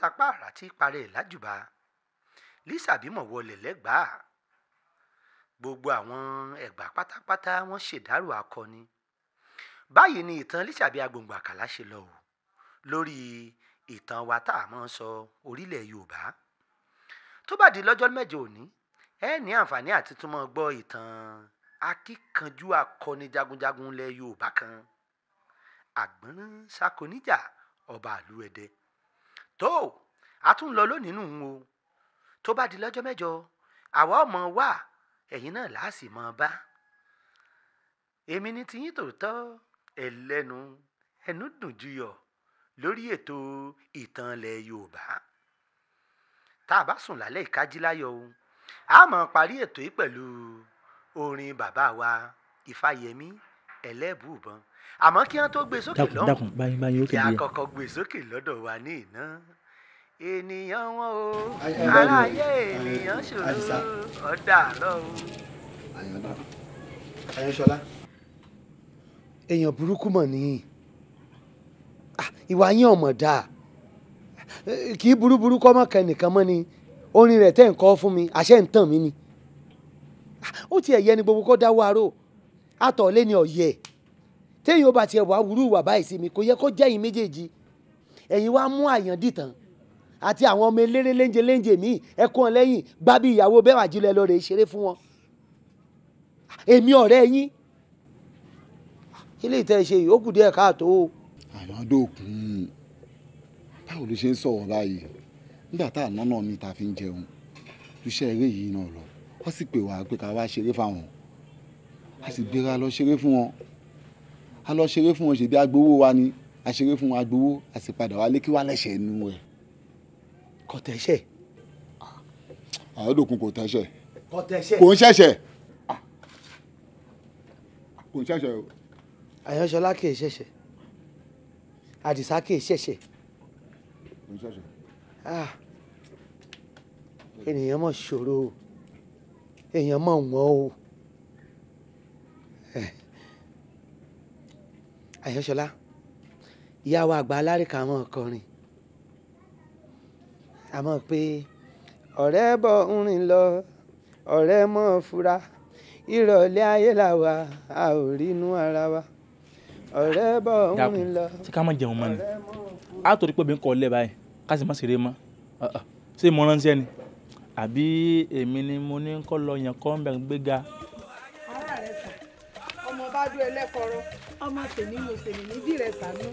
tapá àrà tí parẹ́ lájùbà Lísàbí mọ̀ wọlé lẹ́gbàá gbogbo àwọn ẹ̀gbà pátápátá wọ́n ṣèdárò akọni báyìí ni ìtàn Lísàbí Agbòǹgbò Àkàlà ṣe lọ o lórí ìtàn wa tá a máa ń sọ orílẹ̀ Yorùbá tó bá di lọ́jọ́ mẹ́jọ òní ẹ ní àǹfààní àti túmọ̀ gbọ́ ìtàn akíkanjú akọni jagunjagun ilẹ̀ Yorùbá kan àgbọ̀nrín sakonijà ọba àlú tó a tún lọ lónìí nù ń o tó bá di lọ́jọ́ mẹ́jọ àwa ọmọ wa ẹ̀yin náà láàsì mọ́ bá èmi ní tiyín tòótọ́ ẹlẹ́nu ẹnu dùn juyọ̀ lórí ètò ìtàn ilẹ̀ Yorùbá tá a bá sùn lálẹ́ ìkájíláyọ̀ o a máa parí ètò yìí pẹ̀lú orin bàbá wa Ifáyẹmí ẹlẹ́bùúbọn àmọ́ kí wọ́n tó gbé e sókè lọ́hùn kí a kọ́kọ́ gbé e sókè lọ́dọ̀ wa ní ìná ènìyàn wọn o aráyé ènìyàn ṣòro ọ̀dà àárọ̀ o. ayọ̀ṣọlá èèyàn burúkú mọ̀ nìyí ah, ìwà yín ọ̀mọ̀ dáa eh, kì í burú burú kọ́ mọ́ kan mọ́ ni orin rẹ̀ tẹ́ ń kọ́ fún mi àṣẹ ń tàn mí ni ah, ó tiẹ̀ yẹ ni gbogbo kọ́ dáwọ́ aró àtọ̀lé ni ọ̀yẹ́ téèyàn bá tiẹ̀ wá wúrú wà báyìí sí mi kò yẹ kó jẹ́ yín méjèèjì ẹ̀yin wá mú àyàn dìtàn àti àwọn ọmọ eléré léńjẹ léńjẹ míì ẹkún ọlẹ́yìn gbá bí ìyàwó bẹ́wà jílẹ̀ lọ rè ṣeré fún wọn èmi ọ̀rẹ́ yín ilé ìtẹ́ ṣe yìí ó kù díẹ̀ káàtó. àmàdókun báwo ló ṣe ń sọ̀rọ̀ báyìí nígbà tá àná náà ni ta fi ń jẹun túṣẹ́ eré yìí náà lọ wọ́n sì pè wá pé ká wá ṣeré fáwọn a sì gbéra lọ ṣeré fún wọn a lọ ṣeré fún wọn ṣèbí agbowó wa ni a ṣeré fún wọn agbowó a sì padà wá lékí wá lẹ́sẹ̀ nínú ẹ̀ kò tẹ̀sẹ̀. àádọ́kun ah, kò tẹ̀sẹ̀. kò tẹ̀sẹ̀. kò ń ṣẹ̀ṣẹ̀. kò ń ṣẹ̀ṣẹ̀ o. àyànṣọlá kì í ṣẹ̀ṣẹ̀ àdìsá kì í ṣẹ̀ṣẹ̀. kò ń ṣẹ̀ṣẹ̀. Ah. ènìyàn mọ̀ ṣòro o èèyàn mọ̀ wọ́n o. àyànṣọlá eh. ìyá wa àgbà alárìkà ọkọrin a mọ̀ pé ọ̀rẹ́ bọ̀ ń rìn lọ ọ̀rẹ́ mọ̀ fura ìrọ̀lẹ́ ayé là wà a ò rínú ara wa ọ̀rẹ́ bọ̀ ń rìn lọ. ṣé mọ́ ni a torí pé obìnrin kọ́ ọ lẹ́ báyìí ká sì má ṣeré mọ́ ah, ah. ṣé mo ránṣẹ́ ni àbí èmi ni mo ní kọ́ lọ yẹn kọ́ ń bẹ̀ gbéga. ọmọ bá dún ẹlẹ́kọ̀ọ́rọ́ ọmọ tèmi mo tèmi níbí rẹ̀ sànú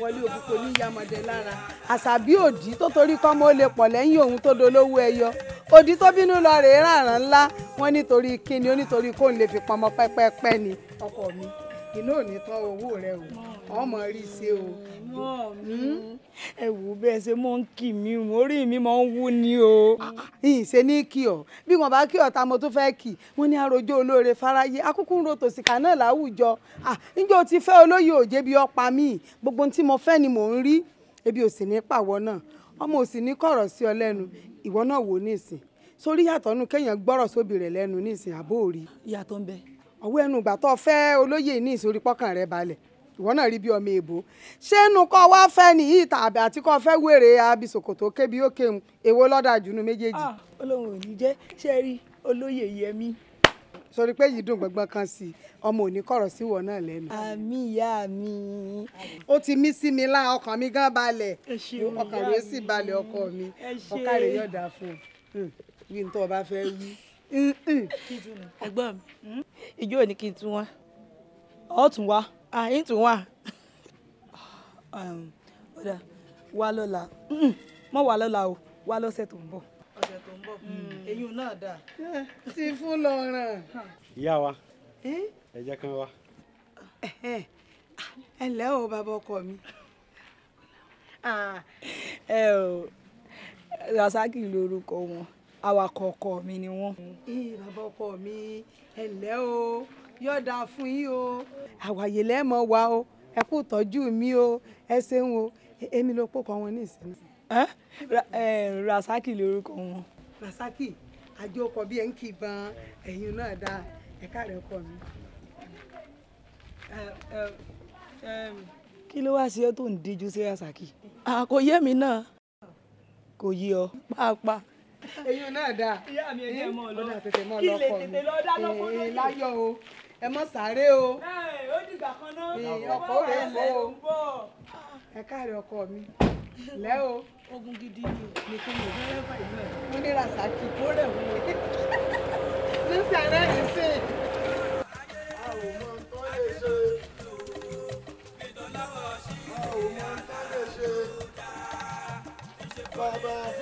wọlé òkúkọ ní yamọdé lára àṣàbí òdì tó torí kọ́mọ ó lè pọ̀ lẹ́yìn òun tó dolówó ẹyọ òdì tó bínú lọ rèé ràrán ńlá wọn nítorí kíni ó nítorí kóun lè fi pọnmọ pẹ́pẹ́pẹ́ ni ọkọ mi iná ò ní tán owó rẹ o ọmọ rí ṣe o. Hmm? ẹ wò ó bẹ́ẹ̀ ṣe mọ́ ń kì mí o orí mi mọ́ ń wú ni o. Ah, ah, ah, ìṣe ní kí ọ bí wọn bá kí ọ ta mo tún fẹ́ kì wọn ní àròjọ olóore fáráyé akúkú ń ro tòsíkà náà láwùjọ ǹjẹ́ o ti fẹ́ olóyè òjé bí ọ̀pá mi gbogbo tí mo fẹ́ ni mò ń rí ebi ò sì ní pàwọ́ náà ọmọ ò sì ní kọ̀rọ̀ sí ọ lẹ́nu ìwọ náà wò nísìn sórí yàtọ̀ nù kéèyàn gbọ́rọ̀ sóbì rẹ̀ lẹ́nu nísìn àbó òrí. ìyàtọ̀ ń bẹ́ẹ̀ ọwọ́ ẹnu ìgbà tó fẹ́ olóyè ní ìsorí pọ́kàn rẹ balẹ̀ ìwọ náà rí bí ọmọ èèbó ṣé inú kọ́ wá fẹ́ nìyí tàbí àti kọ́ fẹ́ wèrè abisokoto kébi òkè mu èwo lọ́dà jùnú méjèèjì. Ah, Ọlọ́run ò ní jẹ́ ṣe rí olóyè yẹmí. sori pé yìí dùn gbọ̀ngbọ̀n kan sí i ọmọ ò ní kọ̀rọ̀ sí ìwọ náà lẹ́nu. àmì ìyá mi. ó ti mí sí mi lá ọkàn mi gan balẹ̀ ọkàn rẹ̀ sì balẹ̀ ọkọ mi ọkàn rẹ̀ yọ̀dà fún un hmm, wí ní tó o bá fẹ́ wí ẹ̀gbọ́n mi ìjọ hmm? ò ní kí n tún wá. ọ̀ tún wá. àyìn tún wá. Ah, um, ọ̀dà wá lọ́la hmm, mọ́ wá lọ́la o wá lọ́sẹ̀ tó ń bọ̀. ọ̀sẹ̀ tó ń bọ̀ hmm, eyín náà dà. Eh, ti fún lọ ràn. ìyá wa eh? ẹ jẹ́ kí n wá. ẹ ǹlẹ́ o bàbá ọkọ mi. ẹ ah, ò eh, rasaki lórúkọ wọn awakọ̀ ọkọ mi ni wọ́n. bàbá ọkọ mi ẹ ǹlẹ́ o yọ̀ọ̀dà fún yín o àwàyè lẹ́ẹ̀mọ wa o ẹ kú tọ́jú mi o ẹ ṣeun o e, èmi ló pòkọ wọn ní ìsinmi. rasaki lórúkọ wọn. rasaki àjọkọ bíi ẹ ń kí ban náà dáa ẹ̀ka rẹ̀ kọ mi. kí ló wá sí ọ tó ń díjú sí rasaki. kò mi náà kò yé ọ pàápàá eyín náà dáa ìyá mi ẹ̀jẹ̀ mọ̀ lọ kí lè tètè lọ dáná fún lóyún láyọ̀ o ẹ mọ̀ sáré o ó dìgbà kan náà ọkọ̀ rẹ̀ lẹ́ o ẹ káàárẹ̀ ọkọ mi lẹ́ o ogun gidi ni nìkan mi dẹ́rẹ́bà ìlú ẹ̀ mo ní rasaki kó rẹ̀ wọ́n ní sẹ́rẹ́ rẹ̀ sí i. Bye-bye.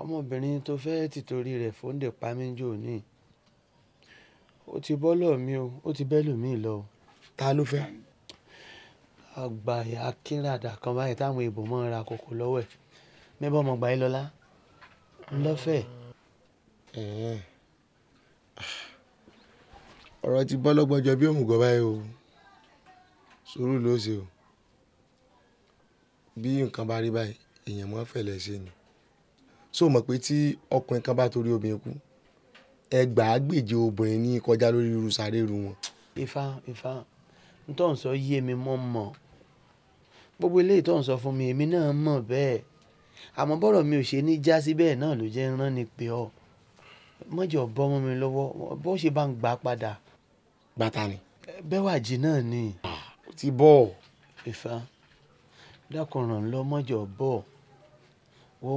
Ọmọbìnrin tó fẹ́ tìtorí rẹ̀ fòǹdè pa mí ńjọ́ òní. Ó ti bọ́ lọ́ọ̀ mi o, ó ti bẹ́ lòmíì lọ o. Ta ló fẹ́? Àgbàyà akínradà kan báyìí táwọn èèbó máa ń ra kòkò lọ́wọ́ ẹ̀. Mẹ́bà ọmọ ìgbà yìí lọ́lá. Ń lọ́fẹ̀. Ẹ̀hẹ́n. Ọ̀rọ̀ ti bọ́ lọ́gbọ́n jọ bí òmùgọ̀ báyìí o. Sùúrù ló ṣe o. Bí nǹkan bá rí báyìí, èèyàn máa fẹ̀lẹ́ ṣe ni so mọ̀ pé tí ọkùnrin kan bá torí obìnrin kú ẹgbàágbèje obìnrin ní kọjá lórí irú sáré irú wọn. ifá ifá n tó ń sọ yé mi mọ́ mọ́ gbogbo eléyìí tó ń sọ fún mi èmi náà mọ̀ bẹ́ẹ̀ àmọ́ bọ́rọ̀ mi ò ṣe ní já sí bẹ́ẹ̀ náà ló jẹ́ rán ni pé ọ mọ́jọ bọ́ mọ́ mi lọ́wọ́ bó ṣe bá ń gbà padà. bàtà ni. bẹ́wàjì náà ni. ó ti bọ́ ọ. ifá dákun ràn lọ́ mọ́jọ bọ́ ọ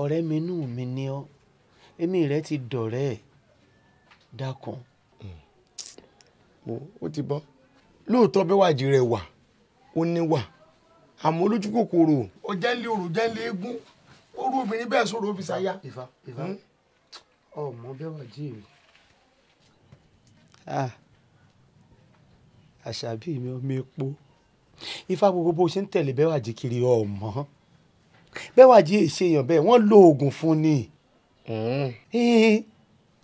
ọ̀rẹ́ mi inú mi ni ọ́ èmi rẹ ti dọ̀rẹ́ ẹ̀ dákun. Hmm. ó ti bọ́ lóòótọ́ bẹ́wàjì rẹ̀ wà ó níwà àmọ́ olójú kòkòrò ọjà ń lé òrò jẹ́ ń lé eégún orú obìnrin bẹ́ẹ̀ sọ̀rọ̀ ó fi ṣàyà. ìfà ìfà ọmọ bẹ́wàjì rẹ̀. Ah. àṣàbí mi ò mi po ifá gbogbo bó ṣe ń tẹ̀lé bẹ́wàjì kiri ọmọ. Bẹ́wàjí èé ṣe èèyàn bẹ́ẹ̀ wọ́n lo oògùn fún ni. Mm.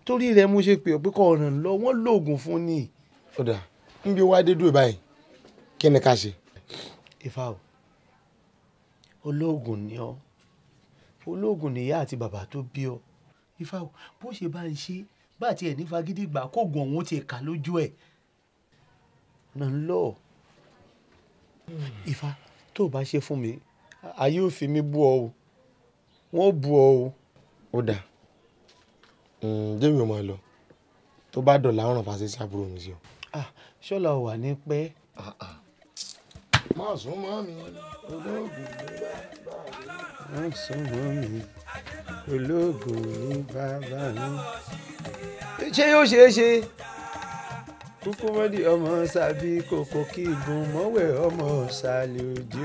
torí rẹ̀ mo ṣe pè ọ́ pé kó o ràn lọ wọ́n lo oògùn fún ni. ó dà níbi wàá dé dúró báyìí kí ni ká ṣe. ifá o olóògùn ni ọ́ olóògùn nìyá àti bàbá tó bí ọ ifá o bó ṣe bá ń ṣe bá tiẹ̀ ní fagídí gbà kóògùn ọ̀hún ti kà lójú ẹ̀ ràn lọ. ifá tó o bá ṣe fún mi ayé ò fi mí bú ọ o wọn ò bú ọ o ó dà hmm, jẹ́mi ò máa lọ tó bá dọ̀là ọ̀ràn fàṣẹ sí àbúrò mi sí ọ. ṣọlá ò wà ní pẹ́. Ah, ah. má sún mọ́ mi olóògùn ní sún mọ́ mi olóògùn ní bàbá mi. ṣé yóò ṣeé ṣe kúkú mọ́dì ọmọ sábì kòkó kí igun mọ́wẹ̀ ọmọ ṣàlẹ̀ òde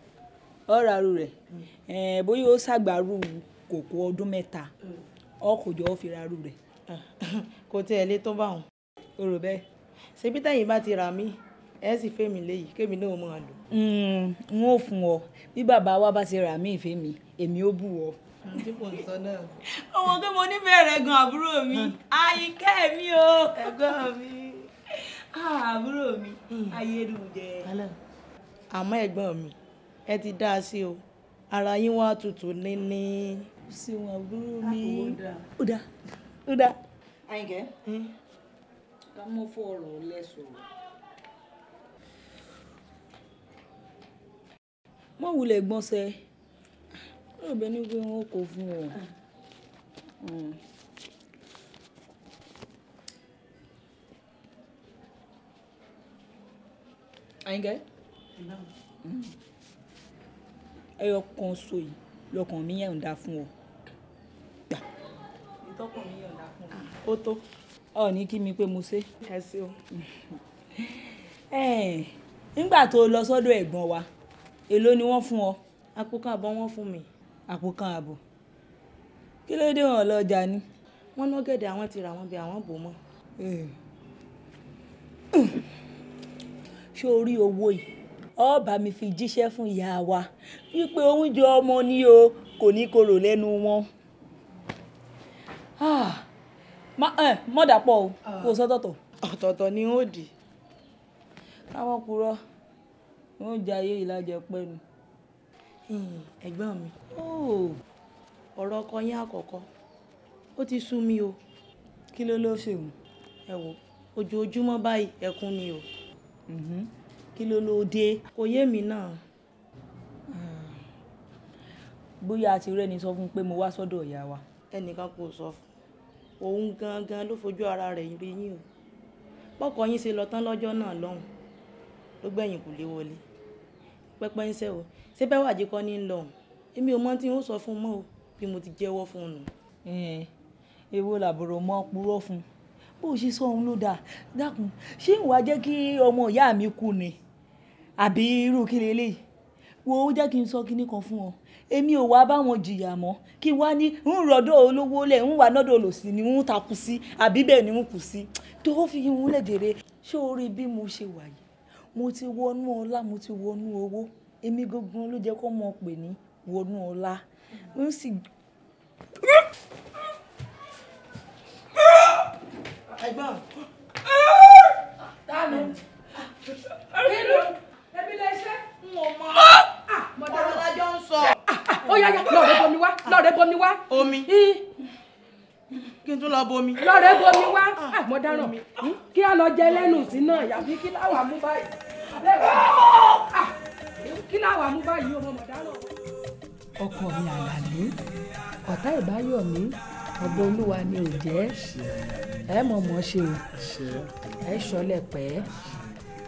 ọ̀rọ̀ rẹ̀ bóyá ó ṣàgbàrú kòkó ọdún mẹ́ta ọkùnjọ́ ó fi rárú rẹ̀. kò tiẹ̀ lé tó bá wọn. o rò bẹ́ẹ̀. bá ti rà mí ẹ sì fẹ́mi léyìí kémi náà máa lò. Hmm, n ó fún ọ bí bàbá wa bá ti rà mí ìfẹ́ mi èmi ó bù ọ. mo nífẹ̀ẹ́ gan àbúrò mi mi o. ẹ̀gbọ́n mi ah, àbúrò hmm. ẹ ti dá a sí o ara yín wá tutù níní. sí wọn burú ah, mi. ó dá ó dá. àyìnkẹ́ hmm? ká mọ́ fún ọ̀rọ̀ lẹ́sọ̀rọ̀. mọ wulẹ̀ gbọ́nsẹ̀ lóògbé ní pé wọn kò fún ọ. Ah. Hmm. àyìnkẹ́ ẹyọ kan so yìí lọkàn mi yẹn ń da fún ọ. ìtọ́kùn mi yẹn ń da fún ọ. Ah, ó tó ọ ní kí mi pé mo ṣe. ẹ ṣe o. nígbà tó o lọ sọ́dọ̀ ẹ̀gbọ́n wa èló ni wọ́n fún ọ. àpò kan àbọ̀ wọ́n fún mi. àpò kan àbọ̀ kí ló dé wọn lọ́jà ni. wọ́n ná gẹ̀dẹ̀ àwọn ti rà wọ́n bí àwọn bò mọ́. Eh. ṣé o rí owó yìí ó bá mi fi jíṣẹ́ fún ìyá wa wípé oúnjẹ ọmọ ni o kò ní korò lẹ́nu wọn. Ah, mọ́dà pọ̀ o ah. kò sọ́tọ̀tọ̀. ọ̀tọ̀ọ̀tọ̀ ni ó dì. káwọn purọ́ oúnjẹ ayé ìlàjẹ pẹ́nu. ẹ̀gbọ́n mi ọ̀rọ̀ ọkọ yín àkọ́kọ́ ó ti sú mi o. kí ló ló ṣe wù. ẹ wo ojoojúmọ́ báyìí ẹkún ni o. Mm-hmm kí ló ló dé kò yé mi náà bóyá a ti rẹ́ni sọ fún un pé mo wá sọ́dọ̀ ìyá wa. ẹnìkan kò sọ fún òun gangan ló fojú ara rẹ̀ rí yín o pọ́kọ yín ṣe lọ tán lọ́jọ́ náà lọ́hùn ló gbẹ̀yìn kò lè wọlé pẹ́pẹ́ ń sẹ́ o ṣé bẹ́ẹ̀ wàjẹ́ kọ́ ní lọ́hùn èmi ò mọ tí ó sọ fún mọ́ o bí mo ti jẹ́wọ́ fún un nù. èwo làbúrò mọ́ purọ́ fún bó o ṣe sọ òun ló dáa dákun ṣé ìwà jẹ́ kí ọmọ ìyá mi kú ni àbí irú kí leléyìí wo jẹ́ kí n sọ kinní kan fún ọ èmi ò wá báwọn jìyà mọ́ kí n wá ní ń rọ̀dọ̀ olówó lẹ̀ ń wà nọ́dọ̀ olòṣì ni ń takú sí àbí bẹ́ẹ̀ ni ń kù sí tó fi ìhun lè dèrè ṣé o rí bí mo ṣe wà yìí mo ti wọnú ọlá mo ti wọnú owó èmi gangan ló jẹ́ kó mọ̀ pè ní wọnú ọlá ń sì. ẹ̀gbọ́n. tánu. ló èmi lè ṣe n ò mọ ah! ah, ọ̀rọ̀ lájọ ń sọ. Ah, ó yá yá lọ́ọ̀rẹ́ bomi wá lọ́ọ̀rẹ́ bomi wá. omi kí n tún lọ bomi. lọ́ọ̀rẹ́ bomi wá àmọ́ dáràn mi kí á lọ jẹ lẹ́nu sí náà yàbí kí láwa mú báyìí kí láwa mú báyìí ọmọ mọ̀ dáràn. ọkọ mi àlàlé ọ̀tá ìbáyọ̀ mi ọba olúwa ni ò jẹ́ ẹ mọ̀ mọ́ ṣe o ẹ ṣọlẹ̀ pẹ́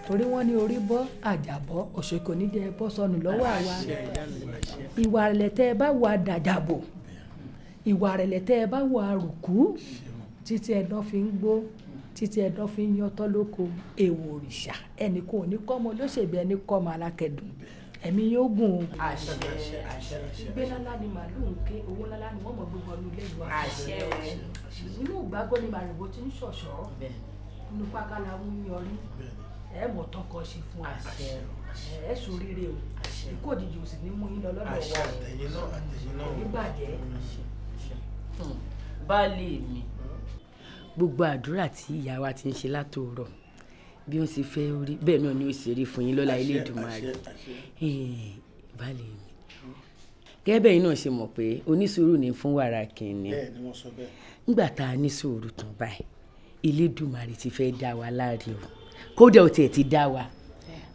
torí wọ́n ní orí bọ́ àjàbọ́ òṣèkò níjẹ́ bọ́ sọnù lọ́wọ́ àwa ìwà rẹ̀ tẹ́ ẹ bá wà dàjàbò ìwà rẹ̀ tẹ́ ẹ bá wà rùkú títí ẹ̀dọ́ fi ń gbó títí ẹ̀dọ́ fi ń yọtọ́ lóko èèwọ̀ òrìṣà ẹnì kò ní kọ́ ọmọ olóṣèlú ẹni kọ́ ọmọ alákẹ́dùn ẹ̀mí yóò gùn ún. àṣẹ àṣẹ ìgbé lálá ni màlúù ń ké owó lálá ni wọ́n mọ̀ gbogbo ọdún ilé ìwà. àṣẹ inú ìgbàgbọ́ ni màrìwò ti ń ṣọ̀ṣọ́ nípa kálá ń yọrí ẹ mọ̀ tán kan ṣe fún àṣẹ ẹ ṣoríire o ikú òjijì ò sì ní mú yín lọ lọ́dọ̀ wa àṣẹ àtẹ̀yìn náà àtẹ̀yìn náà nígbàjẹ́. Hmm. baálé mi gbogbo àdúrà tí ìyá wa ti ń ṣe látòórọ̀ bí ó sì fẹ́ rí bẹ́ẹ̀ náà ni ó sì rí fún yín lọ́la ilé Èdùmàrè eh, baálé gẹ́gẹ́ bẹ́ẹ̀ náà ṣe mọ̀ pé onísùúrù ni fún wàrà kìíní nígbà tá a ní sùúrù tán báyìí Elédùmarè ti fẹ́ dá wa láre o kódà ó tiẹ̀ ti dá wa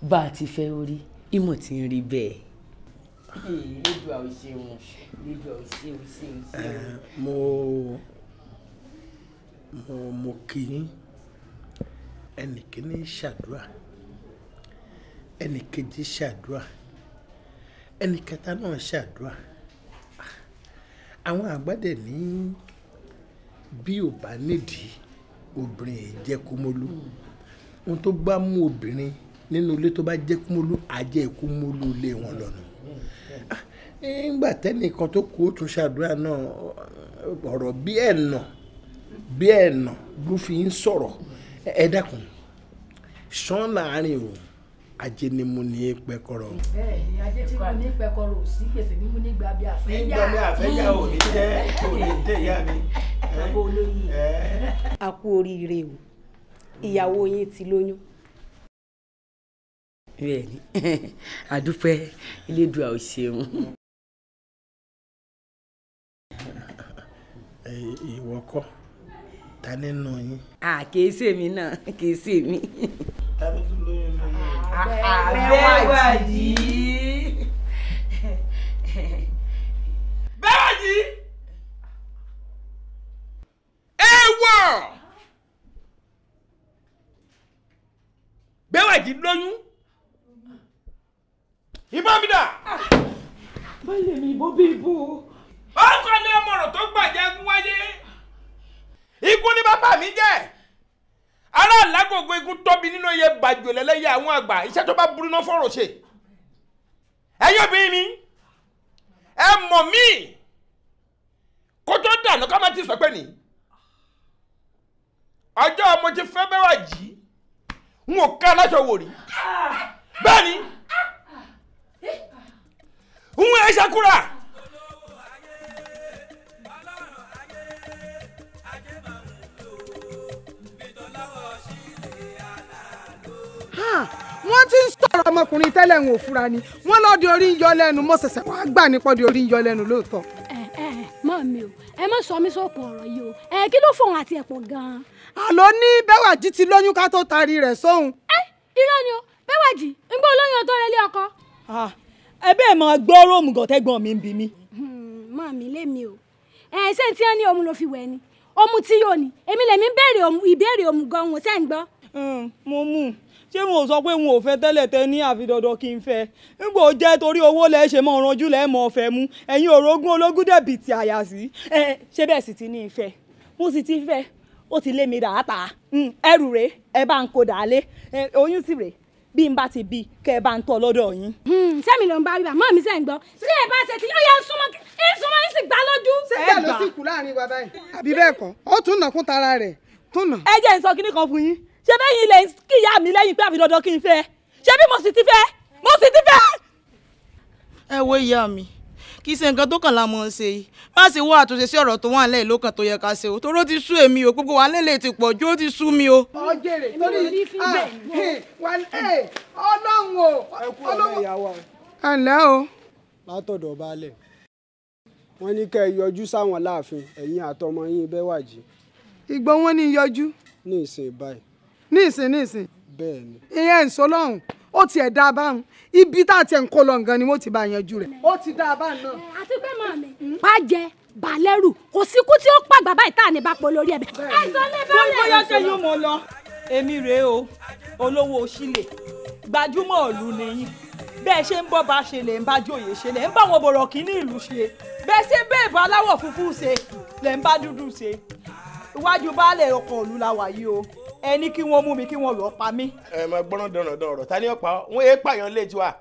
bá a ti fẹ́ orí ìmọ̀ tí ń rí bẹ́ẹ̀. lédùá ò ṣeun lédùá mo mo mo kì í ẹnìkíní ṣàdúrà ẹnìkejì ṣàdúrà ẹnìkẹta náà ṣàdúrà àwọn àgbàdẹ ní bí ò bá nídìí obìnrin yìí Mm ohun tó bá mú obìnrin nínú ilé tó bá jẹ́ kúmọ́lú àjẹ́ ìkúmọ́lú ilé wọn lọ́nà ah, nígbà tẹ́nìkan tó kú ó tún ṣàdúrà náà ọ̀rọ̀ bí ẹ̀nà bí ẹ̀nà ló fi ń sọ̀rọ̀ ẹ dákun ṣán láàrin o ajénímù ní pẹkọrọ. bẹ́ẹ̀ ni ajénímù ní pẹkọrọ ò sí gbèsè mímú nígbà bí àfẹ́yà. nígbà bí àfẹ́yà ò ní jẹ́ ò ní mi. àbò olóyè. a kú oríire o ìyàwó yín ti lóyún. bẹ́ẹ̀ni àdúpẹ́ elédùà ò ṣeun. ìwọ kọ́ ta nínú yín. à kì í ṣèmi náà kì í ṣèmi. ta ló lóyún lóyún. àbẹ̀wò ah, ah, ti lóyún ìbọn mi dà. báyìí mi ìbọn bí ibo. ọkọ ní ọmọràn tó gbàjẹ wáyé ikú ní bàbá mi jẹ́ ará alágògo igun tóbi nínú iye bàjọ́lẹ́lẹ́yẹ àwọn àgbà iṣẹ́ tó bá burú náà fọ̀rọ̀ ṣe ẹ̀yin obìnrin mi ẹ mọ̀ mí kó tó dànù ká má ti sọ pé ní ọjọ́ mo ti fẹ́ bẹ́wà jì n ò ká aláṣọ wò rí bẹ́ẹ̀ ni n ò ṣe kúra. Ah, wọ́n ti ń sọ̀rọ̀ ọmọkùnrin tẹ́lẹ̀ ń òfura ni wọ́n lọ́ọ́ di orí ń yọ lẹ́nu mo ṣẹ̀ṣẹ̀ wá gbà nípa di orí ń yọ lẹ́nu lóòótọ́. ẹ ẹ mọ mi o ẹ má sọ mí sókun ọ̀rọ̀ yìí o ẹ eh, kí ló fọwọn àti ẹpọ ganan àló ní bẹ́wàjì ti lóyún ká tó taari rẹ̀ sóhun. ẹ irọ́ ni o bẹ́wàjì ń gbọ́ olóyún ọtọ́ rẹ̀ lé ọkọ. ẹ bẹ́ẹ̀ máa gbọ́ róòmù gọ̀tẹ́gbọ̀n mi ń bi mí. mọ hmm, mi lémi o ẹ ṣé tí wọn ní òun ló fi wẹ̀ ni òun tí yóò ní èmi lèmi béèrè ìbéèrè òun gan òun ṣẹ́ ń gbọ́. Hmm, mo mú un ṣé wọn ò sọ pé wọn ò fẹ́ tẹ́lẹ̀ tẹ ní àfi dandan kí n fẹ́ nígbà ó jẹ́ torí owó lẹ́ ṣe mọ ọ̀rànjú lẹ́ mọ ọ̀fẹ́ mú ẹ̀yin orogún ológun dẹ̀bìtì àyà sí ṣé bẹ́ẹ̀ sì ti ní ìfẹ́ mo sì ti fẹ́ ó ti lé mi dàáta mm. ẹrù rèé ẹ bá ń kó dàálé oyún sì rèé bí n bá ti bí kẹ ẹ bá ń tọ lọ́dọ̀ yín. sẹ́mi hmm, ló ń bá wíwá mọ́ mi sẹ́ ń gbọ́ ṣé ẹ bá ṣe ti ó yẹ ń súnmọ́ ń súnmọ́ ń sì gbá lójú. sẹ́yà ló sì kú láàrin wa báyìí. àbí bẹ́ẹ̀ kọ́ ó tún nà kún tara rẹ̀ tún nà. ẹ jẹ́ n sọ kinní kan fún yín ṣé bẹ́yìn ilẹ̀ kíyà mi lẹ́yìn pé àfi dandan kí n fẹ́ ṣé bí mo sì ti fẹ́ mo sì ti fẹ́. ẹ wo ìyá mi kì í ṣe nǹkan tó kàn la mọ̀ ọ́n ṣe yìí má ṣe wá àtúnṣe sí ọ̀rọ̀ tó wà nílẹ̀ ìlókàn tó yẹ ká ṣe o toró ti sú èmi o gbogbo wa lélẹ̀ ti pọ̀ ju ó ti sú mi o. ọjẹrẹ torí ah, eh, eh, ọlọ́run o ọlọ́run. ẹ ǹlẹ́ o. látọ̀dọ̀ baálẹ̀ wọ́n ní kẹ́ ẹ yọjú sáwọn láàfin ẹ̀yin àtọmọ yín Bẹ́wàjí. ìgbọ́ wọn ní yọjú. ní ìsìn báyìí. ní ìsìn ní ìsìn. bẹ́ẹ̀ ni. ìyẹn ìsọlọ́run ó tiẹ̀ dá a báwọn ibi tá a tiẹ̀ ń kó lọ nǹkan ni mo ti bá yanjú rẹ̀ ó ti dá a báwọn náà. àti pé màá mi. Hmm? bàjẹ́ balẹ̀rù kò sí kú tí ó pàgbà báyìí tá à ní bá pọ̀ lórí ẹ̀ bẹ́ẹ̀. àìsàn lè bá rẹ̀ bóyá sẹ́yìn mo lọ. èmi rèé o olówó òṣìlè gbajúmọ̀ ìlú nìyí bẹ́ẹ̀ ṣe ń bọ́ bá ṣe lè ń bá jòyè ṣe lè ń bá wọn bọ̀rọ̀ kí ìlú ṣe bẹ́ẹ̀ ṣe bẹ́ẹ̀ bá aláwọ̀ funfun ṣe lè ń bá dúdú ṣe iwájú baálé ọkọ̀ òlu la wà yìí o ẹ ní kí wọ́n mú mi kí wọ́n lọ́ọ́ pa mí. ẹ mọ gbọ́ràn dandan ọ̀rọ̀ ta ni ọ̀pá wọn èé pààyàn létí wa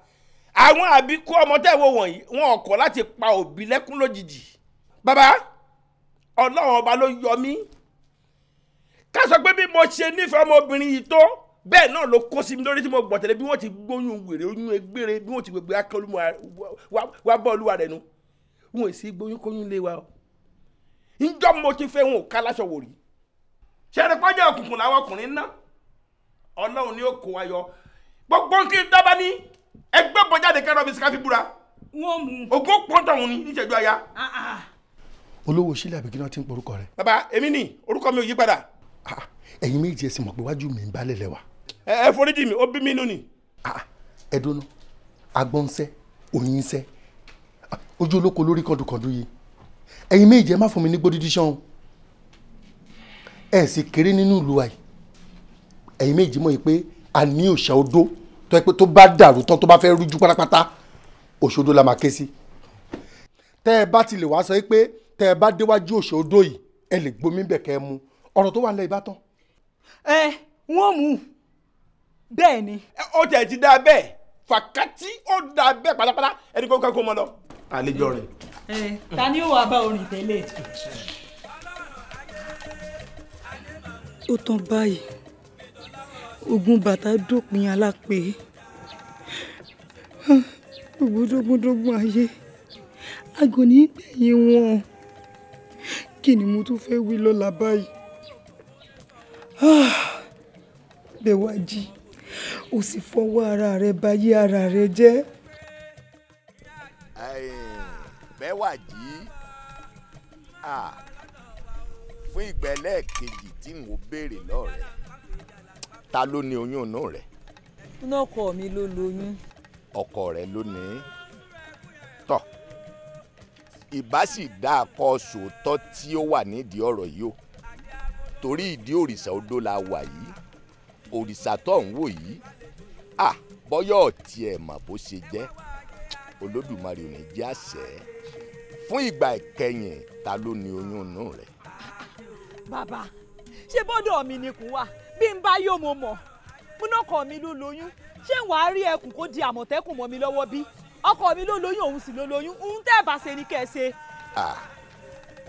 àwọn àbíkú ọmọ tẹ́ wo wọ̀nyí wọn ọkọ̀ láti pa òbí lẹ́kún lójijì bàbá ọlọ́run ọba ló yọ mí ká sọ pé bí mo ṣe nífẹ̀ẹ́ ọmọbìnrin yìí tó bẹ́ẹ̀ náà ló kó sí mi lórí tí mo gbọ̀tẹ̀lé bí wọ́n ti gbóyún wèrè oyún egbére bí wọ́n ti gbègbè akọlùmọ̀ wa bọ́ olúwa rẹ̀ nu wọn èsì gbóyún kóyún lé wa o ńjọ́ mo ti fẹ́ wọn ò ká láṣọ wò rí ṣẹ́ni pọ́jà òkùnkùn làwọn ọkùnrin ná ọlọ́run ni ó kó wa yọ gbogbo nǹkan dábàá ní ẹgbẹ́ bọ́jáde kẹ́rọ mi sika fi búra ogún pọ́ńtọ̀ òun ni níṣẹ́jú aya. Ah, ah, ah. olówó sílẹ̀ àbí kí wọ́n ti ń porúkọ rẹ̀. bàbá èmi ni orúkọ mi ò yí padà. ẹ̀yin méjì ẹ sì mọ̀ pé wájú mi ń balẹ̀ lẹ́wà. ẹ ẹ foríjì mi ó bí mi inú ni. ẹ dúró agbọ́nsẹ́ òyìnsẹ́ ojú olóko lórí kọ̀dùkọ̀dù yìí ẹ̀yin méjì ẹ má fún mi ní gbódídí sọ́hún ẹ̀ sì kéré nínú ìlú wa yìí ẹ̀yin méjì mọ̀ yìí pé a ní òòṣà odó tó yẹ pé tó bá dàrú tán tó bá fẹ́ rújú pátápátá òòṣà odó la máa ké sí. tẹ́ ẹ bá ti lè wá sọ pé tẹ́ ẹ bá déwájú òòṣà odó yìí ẹ lè gbomi bẹ̀ kẹ́ ẹ mu ọ̀rọ̀ tó wà lẹ́yìn bá tán. ẹ wọ́n mú un bẹ́ẹ̀ ni. ó tẹ̀ ti dáa bẹ́ẹ̀ fàkàtí ó dáa bẹ́ẹ̀ pátápátá ẹni kó kẹ́kọ̀ọ́ mọ́ lọ. àlejò rẹ̀. ta ni ó wàá bá orin tẹ́lẹ̀ ó tán báyìí ogun bàtà dópin alápè gbogbo dógúndógún ayé aago ní gbẹ̀yìn wọn kí ni mo tún fẹ́ wí lọ́la báyìí ah, bẹ́ẹ̀ wá jí o sì fọwọ́ ara rẹ báyé ara rẹ jẹ́. bẹ́ẹ̀ Ah fún ìgbà ẹlẹ́ẹ̀kejì tí n ò béèrè lọ́rẹ̀ẹ́ ta ló ní oyún inú rẹ. inú ọkọ mi ló lóyún. ọkọ rẹ ló ní tọ ìbá sì dá akọ sòótọ́ tí ó wà nídìí ọ̀rọ̀ yìí o torí ìdí òrìṣà odó la wà yìí òrìṣà tó ń wò yìí à bọ́yọ̀ ọ̀tí mà bó ṣe jẹ́ olódùmarè ò ní jẹ́ àṣẹ fún ìgbà ìkẹyìn ta ló ní oyún inú rẹ̀ bàbá ṣé bọ́dọ̀ mi ni kùn wá bí n bá yóò mo mọ̀ múnàkọ mi ló lóyún ṣé wàá rí ẹkùn kó di àmọ̀tẹ́kùn mọ́ mi lọ́wọ́ bí ọkọ mi ló lóyún òun sì ló lóyún òun tẹ́ ẹ̀ bá ṣe ni kẹ́ ẹ ṣe.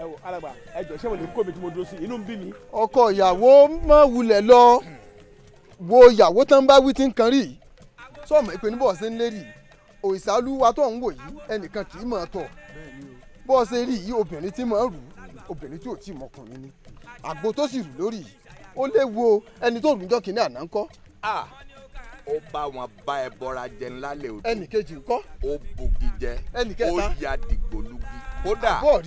ẹ wo alàgbà ẹ jọ ṣé mo lè kó mi tí mo dúró sí inú ń bí mi. ọkọ ìyàwó máa wulẹ̀ lọ wo ìyàwó tán bá wí tí ń kan rí sọmọ ìpè níbọ̀ sí ń lérí òìsàlùwà tó ń wò yìí ẹnìkan kì í máa tọ̀ bọ́ọ̀ṣe rí obìnrin tí máa rù obìnrin tí ò tí mọkùnrin ni àgbo tó sì rù lórí ó léwu o ẹni tó rùjọ́ kínní àná ń kọ́. ó bá wọn bá ẹ bọ́ra jẹ ńlá lè odò ẹnì kejì ń kọ́. ó bugi jẹ ẹnì kẹta ó ya dìgbòlugi kódà ó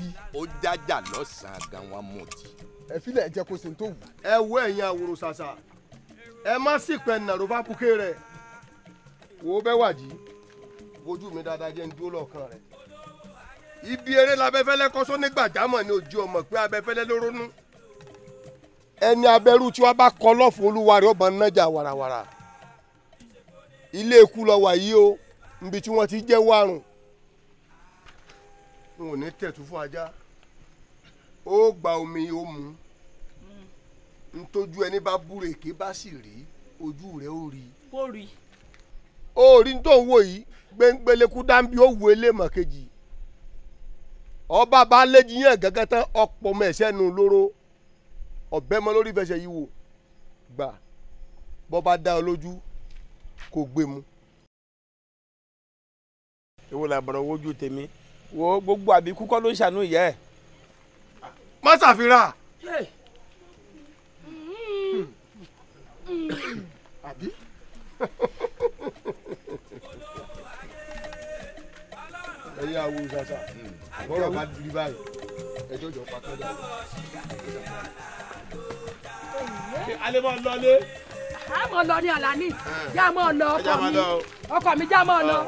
jájà lọ́sàn-án gan wọn mú ti. ẹ filẹ̀ ẹ jẹ́ kó sin tó wù. ẹ wo ẹ̀yin àwòrò ṣàṣà ẹ má sì pẹ́ nàró bá buké rẹ̀ wo bẹ́ wàjí wojú mi dáadáa jẹ́ ń dúró lọ́ọ̀kan rẹ̀ ibi eré labẹ́fẹ́lẹ́ kọ́sọ́ nígbàjámọ̀ ni ojú ọmọ pé abẹ́fẹ́lẹ́ ló rónú ẹni abẹ́rú tí wọ́n bá kọ́ lọ́fọ̀ olúwa rẹ̀ ọba nájà wàràwàrà ilé ikú lọ tí wọ́n ti jẹ́ wárùn n ò ní fún ajá ó gba omi ó mu ntójú ẹni bá búrèké bá sì rí ojú rẹ ó rí. kó rí. ó rí tó ń wò yìí gbẹ̀ngbẹ̀lẹ̀kú dáńbí ó wù kejì ọba bá yẹn gẹ́gẹ́ tán ọ̀pọ̀ ọ̀bẹ mọ lórí fẹsẹ̀ yìí wò gbà bọ́ bá dá ọ lójú kò gbé mu. èwo làbọ̀rọ̀ wojú tèmi wo gbogbo àbíkú kọ́ ló ń ṣàánú ìyá ẹ̀. má ẹyẹ awo ṣaṣa bọ́rọ̀ bá diri báyìí ẹjọ́ jọ pàtó dá alẹ́ mọ́ lọlé. a mọ̀ lọ ní ọ̀la ní já mọ̀ lọ ọkọ mi ọkọ mi já mọ̀ lọ.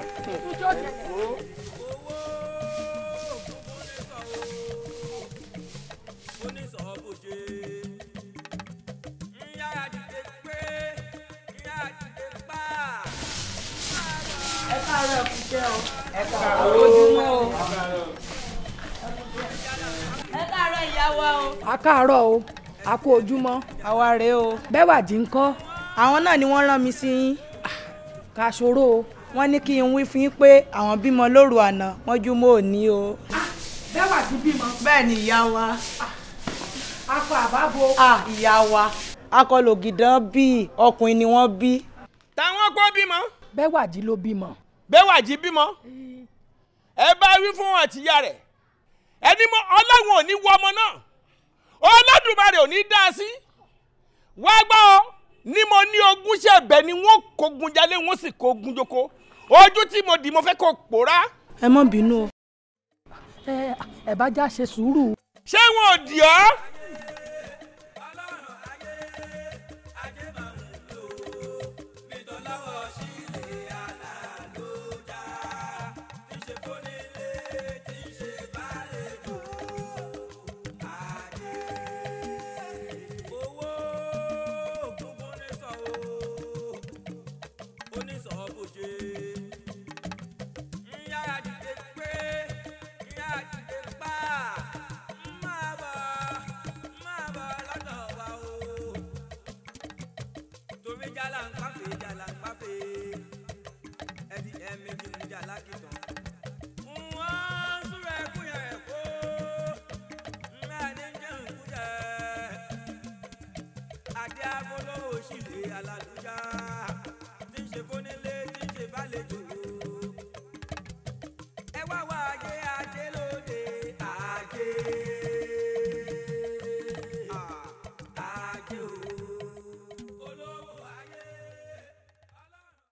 ẹ káàárọ̀ ìyá wa o. a káàárọ̀ o a kú ojúmọ́ àwa rèé o. bẹ́wàjì ń kọ́. àwọn náà ni wọ́n rán mi sí yín. kà ṣòro o wọ́n ní kí n wí fún yín pé àwọn bímọ lóru àná wọ́n jú mọ́ òní o. Ah, bẹ́wàjì bímọ. bẹ́ẹ̀ ni ìyá wa. Ah, akọ àbábo. Ah, ìyá wa akọ lògìdán bíi ọkùnrin ni wọ́n bí. táwọn kò bímọ. bẹ́wàjì ló bímọ. bẹ́wàjì bímọ. Eh. ẹ bá wí fún wọn àtìyá rẹ̀ ẹni mọ ọlọ́run ò ní wọ ọmọ náà ọlọ́dúnmarè ò ní dá a sí wá gbọ́ Ni mo ní ogún ṣẹ̀bẹ̀ ni wọ́n kógun jalè wọ́n sì kógun joko ojú tí mo dì mo fẹ́ kó pòórá. ẹ má bínú o ẹ ẹ bá já ṣe sùúrù. ṣé wọn ò dì ọ́.